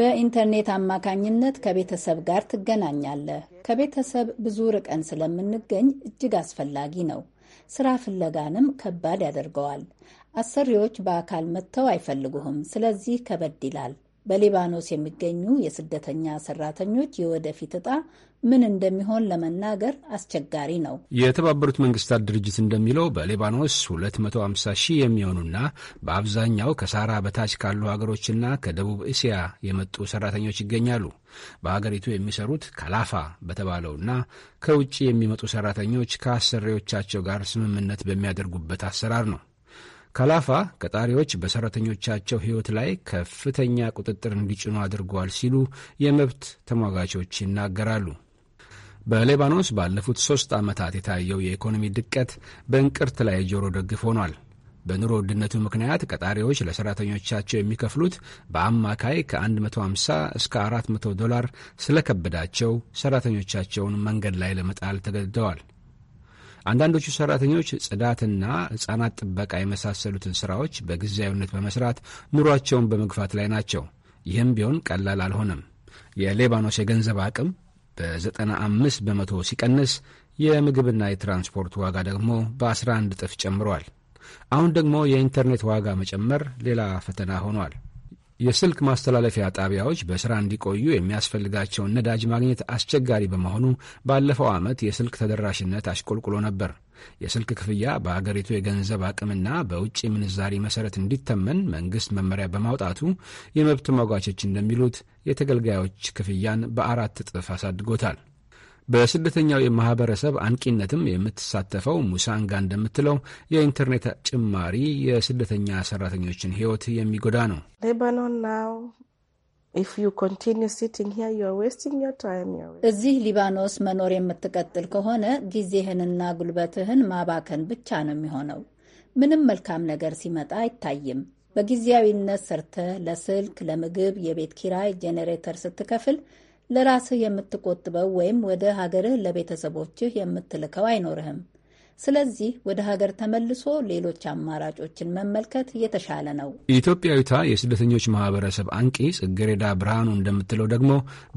በኢንተርኔት አማካኝነት ከቤተሰብ ጋር ትገናኛለህ። ከቤተሰብ ብዙ ርቀን ስለምንገኝ እጅግ አስፈላጊ ነው። ስራ ፍለጋንም ከባድ ያደርገዋል። አሰሪዎች በአካል መጥተው አይፈልጉህም። ስለዚህ ከበድ ይላል። በሊባኖስ የሚገኙ የስደተኛ ሰራተኞች የወደፊት ዕጣ ምን እንደሚሆን ለመናገር አስቸጋሪ ነው። የተባበሩት መንግስታት ድርጅት እንደሚለው በሊባኖስ 250 ሺህ የሚሆኑና በአብዛኛው ከሳራ በታች ካሉ ሀገሮችና ከደቡብ እስያ የመጡ ሰራተኞች ይገኛሉ። በሀገሪቱ የሚሰሩት ከላፋ በተባለውና ከውጭ የሚመጡ ሰራተኞች ከአሰሪዎቻቸው ጋር ስምምነት በሚያደርጉበት አሰራር ነው። ከላፋ ቀጣሪዎች በሰራተኞቻቸው ሕይወት ላይ ከፍተኛ ቁጥጥር እንዲጭኑ አድርጓል ሲሉ የመብት ተሟጋቾች ይናገራሉ። በሌባኖስ ባለፉት ሦስት ዓመታት የታየው የኢኮኖሚ ድቀት በእንቅርት ላይ ጆሮ ደግፍ ሆኗል። በኑሮ ውድነቱ ምክንያት ቀጣሪዎች ለሠራተኞቻቸው የሚከፍሉት በአማካይ ከ150 እስከ 400 ዶላር ስለከበዳቸው ሠራተኞቻቸውን መንገድ ላይ ለመጣል ተገድደዋል። አንዳንዶቹ ሠራተኞች ጽዳትና ሕፃናት ጥበቃ የመሳሰሉትን ሥራዎች በጊዜያዊነት በመሥራት ኑሯቸውን በመግፋት ላይ ናቸው። ይህም ቢሆን ቀላል አልሆነም። የሌባኖስ የገንዘብ አቅም በ95 በመቶ ሲቀንስ የምግብና የትራንስፖርት ዋጋ ደግሞ በ11 እጥፍ ጨምሯል። አሁን ደግሞ የኢንተርኔት ዋጋ መጨመር ሌላ ፈተና ሆኗል። የስልክ ማስተላለፊያ ጣቢያዎች በሥራ እንዲቆዩ የሚያስፈልጋቸውን ነዳጅ ማግኘት አስቸጋሪ በመሆኑ ባለፈው ዓመት የስልክ ተደራሽነት አሽቆልቁሎ ነበር። የስልክ ክፍያ በአገሪቱ የገንዘብ አቅምና በውጭ ምንዛሪ መሰረት እንዲተመን መንግስት መመሪያ በማውጣቱ የመብት ተሟጋቾች እንደሚሉት የተገልጋዮች ክፍያን በአራት እጥፍ አሳድጎታል። በስደተኛው የማህበረሰብ አንቂነትም የምትሳተፈው ሙሳንጋ እንደምትለው የኢንተርኔት ጭማሪ የስደተኛ ሰራተኞችን ህይወት የሚጎዳ ነው። እዚህ ሊባኖስ መኖር የምትቀጥል ከሆነ ጊዜህንና ጉልበትህን ማባከን ብቻ ነው የሚሆነው። ምንም መልካም ነገር ሲመጣ አይታይም። በጊዜያዊነት ሰርተህ ለስልክ፣ ለምግብ፣ የቤት ኪራይ፣ ጄኔሬተር ስትከፍል ለራስህ የምትቆጥበው ወይም ወደ ሀገርህ ለቤተሰቦችህ የምትልከው አይኖርህም። ስለዚህ ወደ ሀገር ተመልሶ ሌሎች አማራጮችን መመልከት የተሻለ ነው። ኢትዮጵያዊቷ የስደተኞች ማህበረሰብ አንቂ ጽጌረዳ ብርሃኑ እንደምትለው ደግሞ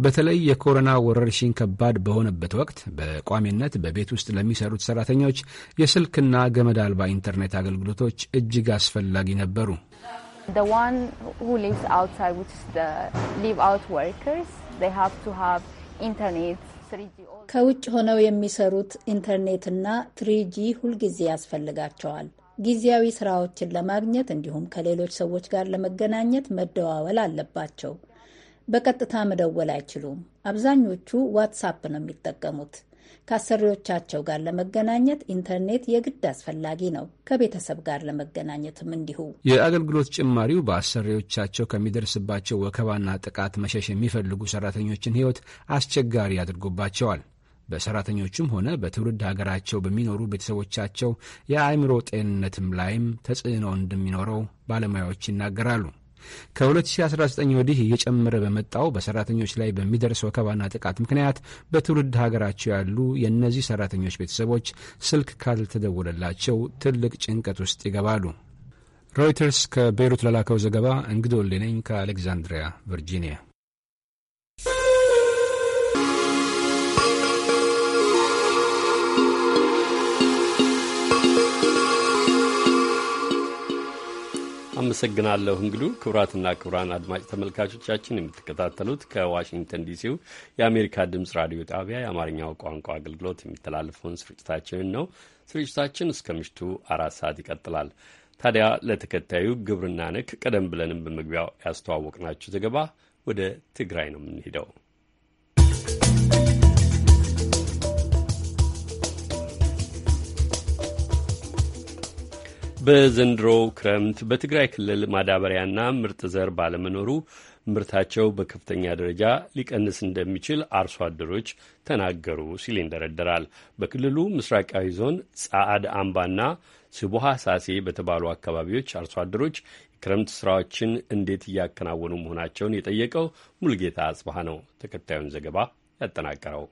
በተለይ የኮሮና ወረርሽኝ ከባድ በሆነበት ወቅት በቋሚነት በቤት ውስጥ ለሚሰሩት ሰራተኞች የስልክና ገመድ አልባ ኢንተርኔት አገልግሎቶች እጅግ አስፈላጊ ነበሩ። ኢንተርኔት ከውጭ ሆነው የሚሰሩት ኢንተርኔትና ትሪጂ ሁልጊዜ ያስፈልጋቸዋል። ጊዜያዊ ስራዎችን ለማግኘት እንዲሁም ከሌሎች ሰዎች ጋር ለመገናኘት መደዋወል አለባቸው። በቀጥታ መደወል አይችሉም። አብዛኞቹ ዋትሳፕ ነው የሚጠቀሙት። ከአሰሪዎቻቸው ጋር ለመገናኘት ኢንተርኔት የግድ አስፈላጊ ነው። ከቤተሰብ ጋር ለመገናኘትም እንዲሁ። የአገልግሎት ጭማሪው በአሰሪዎቻቸው ከሚደርስባቸው ወከባና ጥቃት መሸሽ የሚፈልጉ ሰራተኞችን ሕይወት አስቸጋሪ አድርጎባቸዋል። በሰራተኞቹም ሆነ በትውልድ ሀገራቸው በሚኖሩ ቤተሰቦቻቸው የአእምሮ ጤንነትም ላይም ተጽዕኖ እንደሚኖረው ባለሙያዎች ይናገራሉ። ከ2019 ወዲህ እየጨመረ በመጣው በሰራተኞች ላይ በሚደርስ ወከባና ጥቃት ምክንያት በትውልድ ሀገራቸው ያሉ የእነዚህ ሰራተኞች ቤተሰቦች ስልክ ካልተደወለላቸው ትልቅ ጭንቀት ውስጥ ይገባሉ። ሮይተርስ ከቤይሩት ለላከው ዘገባ እንግዶ ሌነኝ ከአሌክዛንድሪያ ቨርጂኒያ አመሰግናለሁ እንግዱ። ክቡራትና ክቡራን አድማጭ ተመልካቾቻችን የምትከታተሉት ከዋሽንግተን ዲሲው የአሜሪካ ድምፅ ራዲዮ ጣቢያ የአማርኛው ቋንቋ አገልግሎት የሚተላለፈውን ስርጭታችንን ነው። ስርጭታችን እስከ ምሽቱ አራት ሰዓት ይቀጥላል። ታዲያ ለተከታዩ ግብርና ነክ ቀደም ብለንም በመግቢያው ያስተዋወቅናችሁ ዘገባ ወደ ትግራይ ነው የምንሄደው። በዘንድሮው ክረምት በትግራይ ክልል ማዳበሪያና ምርጥ ዘር ባለመኖሩ ምርታቸው በከፍተኛ ደረጃ ሊቀንስ እንደሚችል አርሶ አደሮች ተናገሩ ሲል ይንደረደራል። በክልሉ ምስራቃዊ ዞን ጸአድ አምባና ስቡሃ ሳሴ በተባሉ አካባቢዎች አርሶ አደሮች የክረምት ስራዎችን እንዴት እያከናወኑ መሆናቸውን የጠየቀው ሙልጌታ አጽባህ ነው ተከታዩን ዘገባ ያጠናቀረው።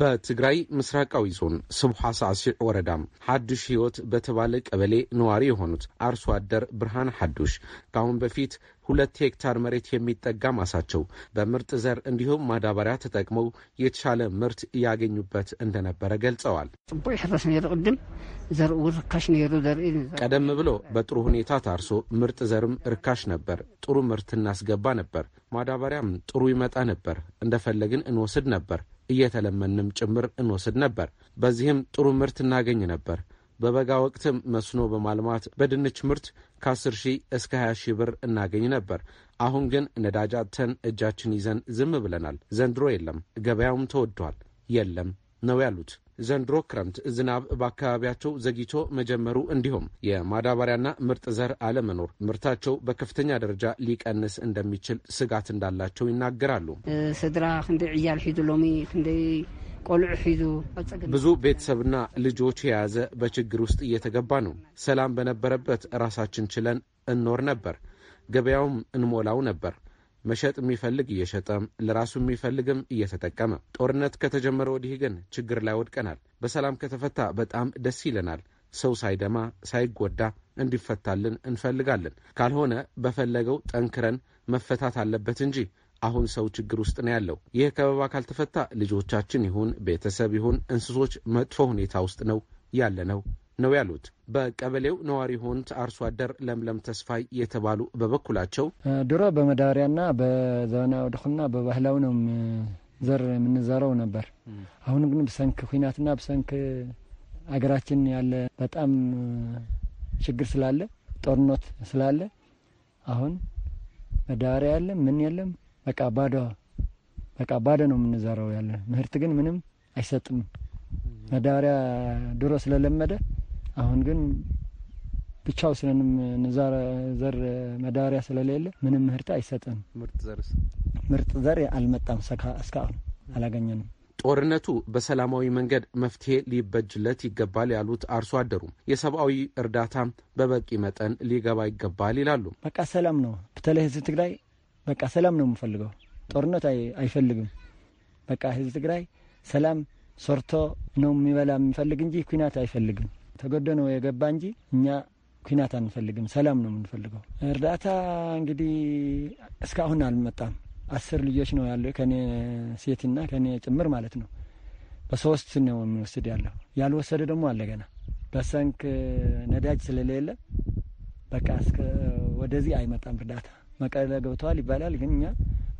በትግራይ ምስራቃዊ ዞን ስቡሓ ሳዕሲዕ ወረዳ ሓዱሽ ህይወት በተባለ ቀበሌ ነዋሪ የሆኑት አርሶ አደር ብርሃን ሓዱሽ ከአሁን በፊት ሁለት ሄክታር መሬት የሚጠጋ ማሳቸው በምርጥ ዘር እንዲሁም ማዳበሪያ ተጠቅመው የተሻለ ምርት ያገኙበት እንደነበረ ገልጸዋል። ጽቡቅ ይሕረስ ነይሩ ቅድም ዘርኡ ርካሽ ነይሩ ዘርኢ ቀደም ብሎ በጥሩ ሁኔታ ታርሶ ምርጥ ዘርም ርካሽ ነበር። ጥሩ ምርት እናስገባ ነበር። ማዳበሪያም ጥሩ ይመጣ ነበር። እንደፈለግን እንወስድ ነበር። እየተለመንም ጭምር እንወስድ ነበር። በዚህም ጥሩ ምርት እናገኝ ነበር። በበጋ ወቅትም መስኖ በማልማት በድንች ምርት ከ10 ሺህ እስከ 20 ሺህ ብር እናገኝ ነበር። አሁን ግን ነዳጅ አጥተን እጃችን ይዘን ዝም ብለናል። ዘንድሮ የለም፣ ገበያውም ተወዷል፣ የለም ነው ያሉት። ዘንድሮ ክረምት ዝናብ በአካባቢያቸው ዘግይቶ መጀመሩ እንዲሁም የማዳበሪያና ምርጥ ዘር አለመኖር ምርታቸው በከፍተኛ ደረጃ ሊቀንስ እንደሚችል ስጋት እንዳላቸው ይናገራሉ። ስድራ ክንደይ ዕያል ሒዙ ሎሚ ክንደይ ቆልዑ ሒዙ ብዙ ቤተሰብና ልጆች የያዘ በችግር ውስጥ እየተገባ ነው። ሰላም በነበረበት ራሳችን ችለን እንኖር ነበር፣ ገበያውም እንሞላው ነበር። መሸጥ የሚፈልግ እየሸጠ ለራሱ የሚፈልግም እየተጠቀመ። ጦርነት ከተጀመረ ወዲህ ግን ችግር ላይ ወድቀናል። በሰላም ከተፈታ በጣም ደስ ይለናል። ሰው ሳይደማ ሳይጎዳ እንዲፈታልን እንፈልጋለን። ካልሆነ በፈለገው ጠንክረን መፈታት አለበት እንጂ አሁን ሰው ችግር ውስጥ ነው ያለው። ይህ ከበባ ካልተፈታ ልጆቻችን ይሁን ቤተሰብ ይሁን እንስሶች መጥፎ ሁኔታ ውስጥ ነው ያለ ነው ነው ያሉት። በቀበሌው ነዋሪ የሆኑት አርሶ አደር ለምለም ተስፋይ የተባሉ በበኩላቸው ድሮ በመዳበሪያና በዘመናዊ ድኩና በባህላዊ ነው ዘር የምንዘረው ነበር። አሁን ግን ብሰንክ ኩናትና ብሰንክ አገራችን ያለ በጣም ችግር ስላለ ጦርነት ስላለ አሁን መዳበሪያ የለም፣ ምን የለም። በቃ ባዶ በቃ ባዶ ነው የምንዘረው ያለ ምህርት ግን ምንም አይሰጥም። መዳበሪያ ድሮ ስለለመደ አሁን ግን ብቻው ስለንም ዘር መዳበሪያ ስለሌለ ምንም ምህርት አይሰጠንም። ምርጥ ዘር አልመጣም፣ እስካሁን አላገኘንም። ጦርነቱ በሰላማዊ መንገድ መፍትሄ ሊበጅለት ይገባል ያሉት አርሶ አደሩም የሰብአዊ እርዳታ በበቂ መጠን ሊገባ ይገባል ይላሉ። በቃ ሰላም ነው። በተለይ ህዝብ ትግራይ በቃ ሰላም ነው የምፈልገው፣ ጦርነት አይፈልግም። በቃ ህዝብ ትግራይ ሰላም ሰርቶ ነው የሚበላ የሚፈልግ እንጂ ኩናት አይፈልግም። ተገዶ ነው የገባ እንጂ እኛ ኩናት አንፈልግም። ሰላም ነው የምንፈልገው። እርዳታ እንግዲህ እስካሁን አልመጣም። አስር ልጆች ነው ያለ ከኔ ሴትና ከኔ ጭምር ማለት ነው። በሶስት ነው የሚወስድ ያለው። ያልወሰደ ደግሞ አለ ገና በሰንክ ነዳጅ ስለሌለ በቃ እስከ ወደዚህ አይመጣም እርዳታ። መቀለ ገብተዋል ይባላል፣ ግን እኛ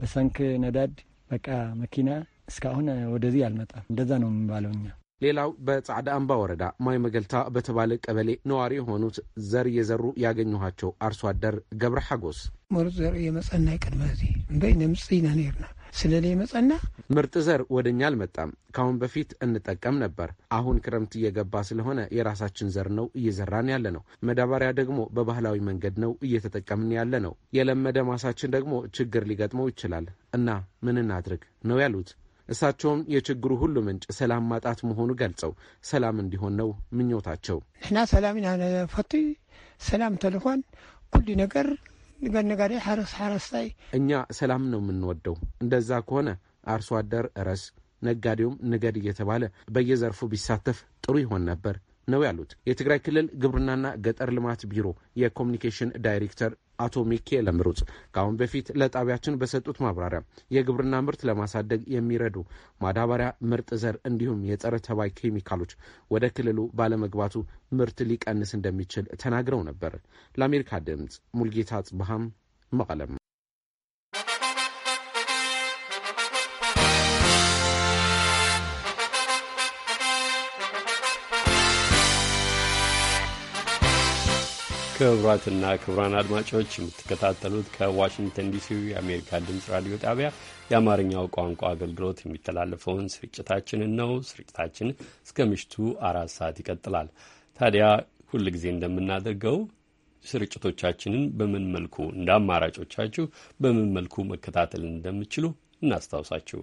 በሰንክ ነዳጅ በቃ መኪና እስካሁን ወደዚህ አልመጣም። እንደዛ ነው የሚባለው እኛ ሌላው በጻዕዳ አምባ ወረዳ ማይ መገልታ በተባለ ቀበሌ ነዋሪ የሆኑት ዘር እየዘሩ ያገኘኋቸው አርሶ አደር ገብረ ሓጎስ ምርጥ ዘር የመጸና ይቀድመ እዚ እንበይ ነምፅ ኢና ነርና ስለለ የመጸና ምርጥ ዘር ወደ እኛ አልመጣም። ካሁን በፊት እንጠቀም ነበር። አሁን ክረምት እየገባ ስለሆነ የራሳችን ዘር ነው እየዘራን ያለ ነው። መዳበሪያ ደግሞ በባህላዊ መንገድ ነው እየተጠቀምን ያለ ነው። የለመደ ማሳችን ደግሞ ችግር ሊገጥመው ይችላል እና ምን እናድርግ ነው ያሉት እሳቸውም የችግሩ ሁሉ ምንጭ ሰላም ማጣት መሆኑ ገልጸው ሰላም እንዲሆን ነው ምኞታቸው። ንሕና ሰላሚና ፈቱ ሰላም ተልኳን ኩሉ ነገር ገነጋዴ ሓረስ ሓረስታይ እኛ ሰላም ነው የምንወደው። እንደዛ ከሆነ አርሶ አደር ረስ ነጋዴውም ንገድ እየተባለ በየዘርፉ ቢሳተፍ ጥሩ ይሆን ነበር ነው ያሉት የትግራይ ክልል ግብርናና ገጠር ልማት ቢሮ የኮሚኒኬሽን ዳይሬክተር አቶ ሚካኤል ምሩጽ ከአሁን በፊት ለጣቢያችን በሰጡት ማብራሪያ የግብርና ምርት ለማሳደግ የሚረዱ ማዳበሪያ፣ ምርጥ ዘር እንዲሁም የጸረ ተባይ ኬሚካሎች ወደ ክልሉ ባለመግባቱ ምርት ሊቀንስ እንደሚችል ተናግረው ነበር። ለአሜሪካ ድምፅ ሙልጌታ አጽብሃም መቀለም ክቡራትና ክቡራን አድማጮች የምትከታተሉት ከዋሽንግተን ዲሲ የአሜሪካ ድምፅ ራዲዮ ጣቢያ የአማርኛው ቋንቋ አገልግሎት የሚተላለፈውን ስርጭታችንን ነው። ስርጭታችን እስከ ምሽቱ አራት ሰዓት ይቀጥላል። ታዲያ ሁል ጊዜ እንደምናደርገው ስርጭቶቻችንን በምን መልኩ እንደ አማራጮቻችሁ በምን መልኩ መከታተል እንደምችሉ እናስታውሳችሁ።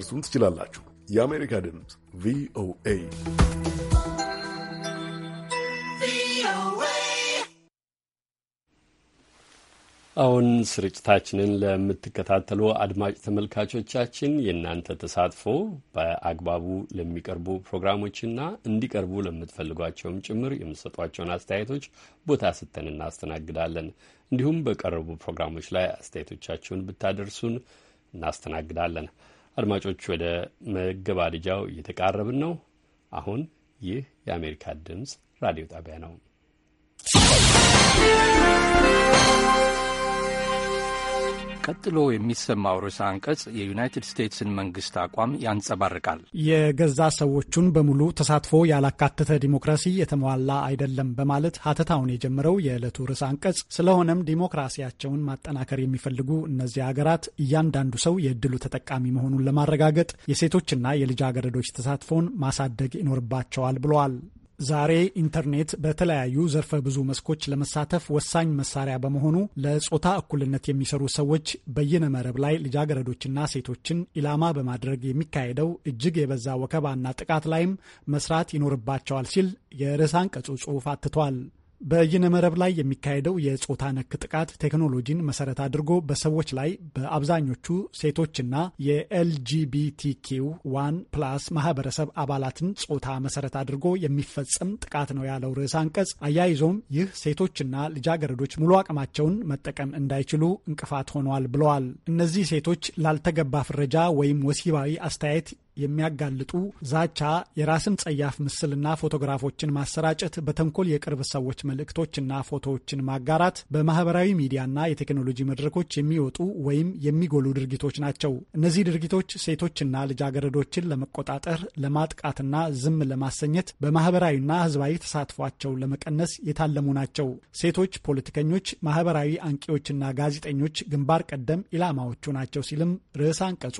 ልታደርሱን ትችላላችሁ። የአሜሪካ ድምፅ ቪኦኤ አሁን ስርጭታችንን ለምትከታተሉ አድማጭ ተመልካቾቻችን የእናንተ ተሳትፎ በአግባቡ ለሚቀርቡ ፕሮግራሞችና እንዲቀርቡ ለምትፈልጓቸውም ጭምር የምትሰጧቸውን አስተያየቶች ቦታ ስተን እናስተናግዳለን። እንዲሁም በቀረቡ ፕሮግራሞች ላይ አስተያየቶቻችሁን ብታደርሱን እናስተናግዳለን። አድማጮች ወደ መገባደጃው እየተቃረብን ነው። አሁን ይህ የአሜሪካ ድምፅ ራዲዮ ጣቢያ ነው። ቀጥሎ የሚሰማው ርዕሰ አንቀጽ የዩናይትድ ስቴትስን መንግስት አቋም ያንጸባርቃል። የገዛ ሰዎቹን በሙሉ ተሳትፎ ያላካተተ ዲሞክራሲ የተሟላ አይደለም በማለት ሀተታውን የጀመረው የዕለቱ ርዕሰ አንቀጽ፣ ስለሆነም ዲሞክራሲያቸውን ማጠናከር የሚፈልጉ እነዚህ ሀገራት እያንዳንዱ ሰው የእድሉ ተጠቃሚ መሆኑን ለማረጋገጥ የሴቶችና የልጃገረዶች ተሳትፎን ማሳደግ ይኖርባቸዋል ብለዋል። ዛሬ ኢንተርኔት በተለያዩ ዘርፈ ብዙ መስኮች ለመሳተፍ ወሳኝ መሳሪያ በመሆኑ ለጾታ እኩልነት የሚሰሩ ሰዎች በይነ መረብ ላይ ልጃገረዶችና ሴቶችን ኢላማ በማድረግ የሚካሄደው እጅግ የበዛ ወከባና ጥቃት ላይም መስራት ይኖርባቸዋል ሲል የርዕሰ አንቀጹ ጽሑፍ አትቷል። በይነ መረብ ላይ የሚካሄደው የጾታ ነክ ጥቃት ቴክኖሎጂን መሰረት አድርጎ በሰዎች ላይ በአብዛኞቹ ሴቶችና የኤልጂቢቲኪው ዋን ፕላስ ማህበረሰብ አባላትን ጾታ መሰረት አድርጎ የሚፈጸም ጥቃት ነው ያለው ርዕስ አንቀጽ አያይዞም ይህ ሴቶችና ልጃገረዶች ሙሉ አቅማቸውን መጠቀም እንዳይችሉ እንቅፋት ሆነዋል ብለዋል። እነዚህ ሴቶች ላልተገባ ፍረጃ ወይም ወሲባዊ አስተያየት የሚያጋልጡ ዛቻ፣ የራስን ጸያፍ ምስልና ፎቶግራፎችን ማሰራጨት፣ በተንኮል የቅርብ ሰዎች መልእክቶችና ፎቶዎችን ማጋራት በማህበራዊ ሚዲያና የቴክኖሎጂ መድረኮች የሚወጡ ወይም የሚጎሉ ድርጊቶች ናቸው። እነዚህ ድርጊቶች ሴቶችና ልጃገረዶችን ለመቆጣጠር፣ ለማጥቃትና ዝም ለማሰኘት በማህበራዊና ህዝባዊ ተሳትፏቸው ለመቀነስ የታለሙ ናቸው። ሴቶች ፖለቲከኞች፣ ማህበራዊ አንቂዎችና ጋዜጠኞች ግንባር ቀደም ኢላማዎቹ ናቸው ሲልም ርዕሰ አንቀጹ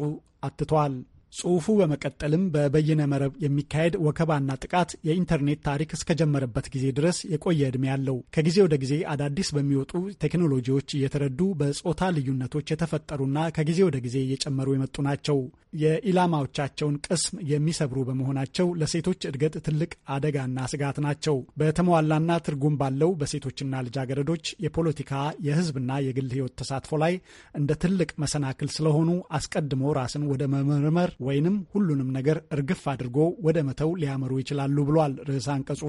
አትተዋል። ጽሑፉ በመቀጠልም በበይነ መረብ የሚካሄድ ወከባና ጥቃት የኢንተርኔት ታሪክ እስከጀመረበት ጊዜ ድረስ የቆየ ዕድሜ ያለው ከጊዜ ወደ ጊዜ አዳዲስ በሚወጡ ቴክኖሎጂዎች እየተረዱ በጾታ ልዩነቶች የተፈጠሩና ከጊዜ ወደ ጊዜ እየጨመሩ የመጡ ናቸው። የኢላማዎቻቸውን ቅስም የሚሰብሩ በመሆናቸው ለሴቶች እድገት ትልቅ አደጋና ስጋት ናቸው። በተሟላና ትርጉም ባለው በሴቶችና ልጃገረዶች የፖለቲካ የህዝብና የግል ህይወት ተሳትፎ ላይ እንደ ትልቅ መሰናክል ስለሆኑ አስቀድሞ ራስን ወደ መመርመር ወይንም ሁሉንም ነገር እርግፍ አድርጎ ወደ መተው ሊያመሩ ይችላሉ ብሏል ርዕሰ አንቀጹ።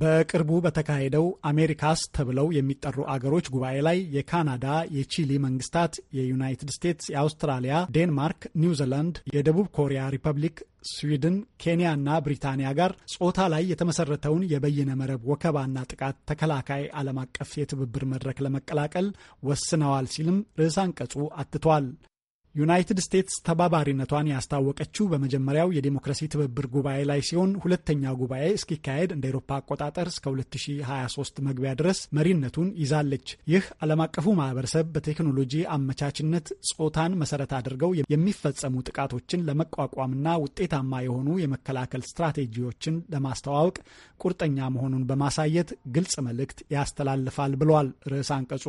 በቅርቡ በተካሄደው አሜሪካስ ተብለው የሚጠሩ አገሮች ጉባኤ ላይ የካናዳ፣ የቺሊ መንግስታት፣ የዩናይትድ ስቴትስ፣ የአውስትራሊያ፣ ዴንማርክ፣ ኒውዚላንድ፣ የደቡብ ኮሪያ ሪፐብሊክ ስዊድን፣ ኬንያ እና ብሪታንያ ጋር ጾታ ላይ የተመሰረተውን የበይነ መረብ ወከባና ጥቃት ተከላካይ ዓለም አቀፍ የትብብር መድረክ ለመቀላቀል ወስነዋል ሲልም ርዕሰ አንቀጹ አትቷል። ዩናይትድ ስቴትስ ተባባሪነቷን ያስታወቀችው በመጀመሪያው የዴሞክራሲ ትብብር ጉባኤ ላይ ሲሆን ሁለተኛው ጉባኤ እስኪካሄድ እንደ ኤሮፓ አቆጣጠር እስከ 2023 መግቢያ ድረስ መሪነቱን ይዛለች። ይህ ዓለም አቀፉ ማህበረሰብ በቴክኖሎጂ አመቻችነት ጾታን መሰረት አድርገው የሚፈጸሙ ጥቃቶችን ለመቋቋምና ውጤታማ የሆኑ የመከላከል ስትራቴጂዎችን ለማስተዋወቅ ቁርጠኛ መሆኑን በማሳየት ግልጽ መልእክት ያስተላልፋል ብሏል ርዕስ አንቀጹ።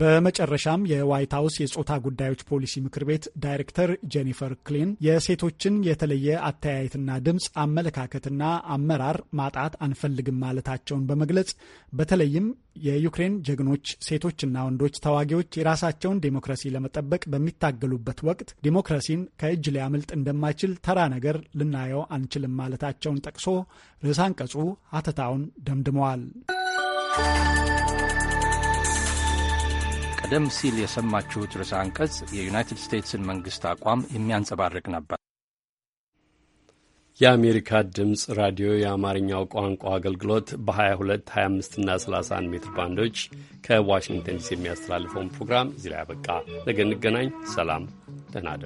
በመጨረሻም የዋይት ሀውስ የጾታ ጉዳዮች ፖሊሲ ምክር ቤት ዳይሬክተር ጄኒፈር ክሊን የሴቶችን የተለየ አተያየትና ድምፅ፣ አመለካከትና አመራር ማጣት አንፈልግም ማለታቸውን በመግለጽ በተለይም የዩክሬን ጀግኖች ሴቶችና ወንዶች ተዋጊዎች የራሳቸውን ዴሞክራሲ ለመጠበቅ በሚታገሉበት ወቅት ዴሞክራሲን ከእጅ ሊያመልጥ እንደማይችል ተራ ነገር ልናየው አንችልም ማለታቸውን ጠቅሶ ርዕሰ አንቀጹ ሀተታውን ደምድመዋል። ቀደም ሲል የሰማችሁት ርዕሰ አንቀጽ የዩናይትድ ስቴትስን መንግሥት አቋም የሚያንጸባርቅ ነበር። የአሜሪካ ድምፅ ራዲዮ የአማርኛው ቋንቋ አገልግሎት በ22፣ 25ና 31 ሜትር ባንዶች ከዋሽንግተን ዲሲ የሚያስተላልፈውን ፕሮግራም እዚህ ላይ ያበቃ። ነገ እንገናኝ። ሰላም፣ ደህና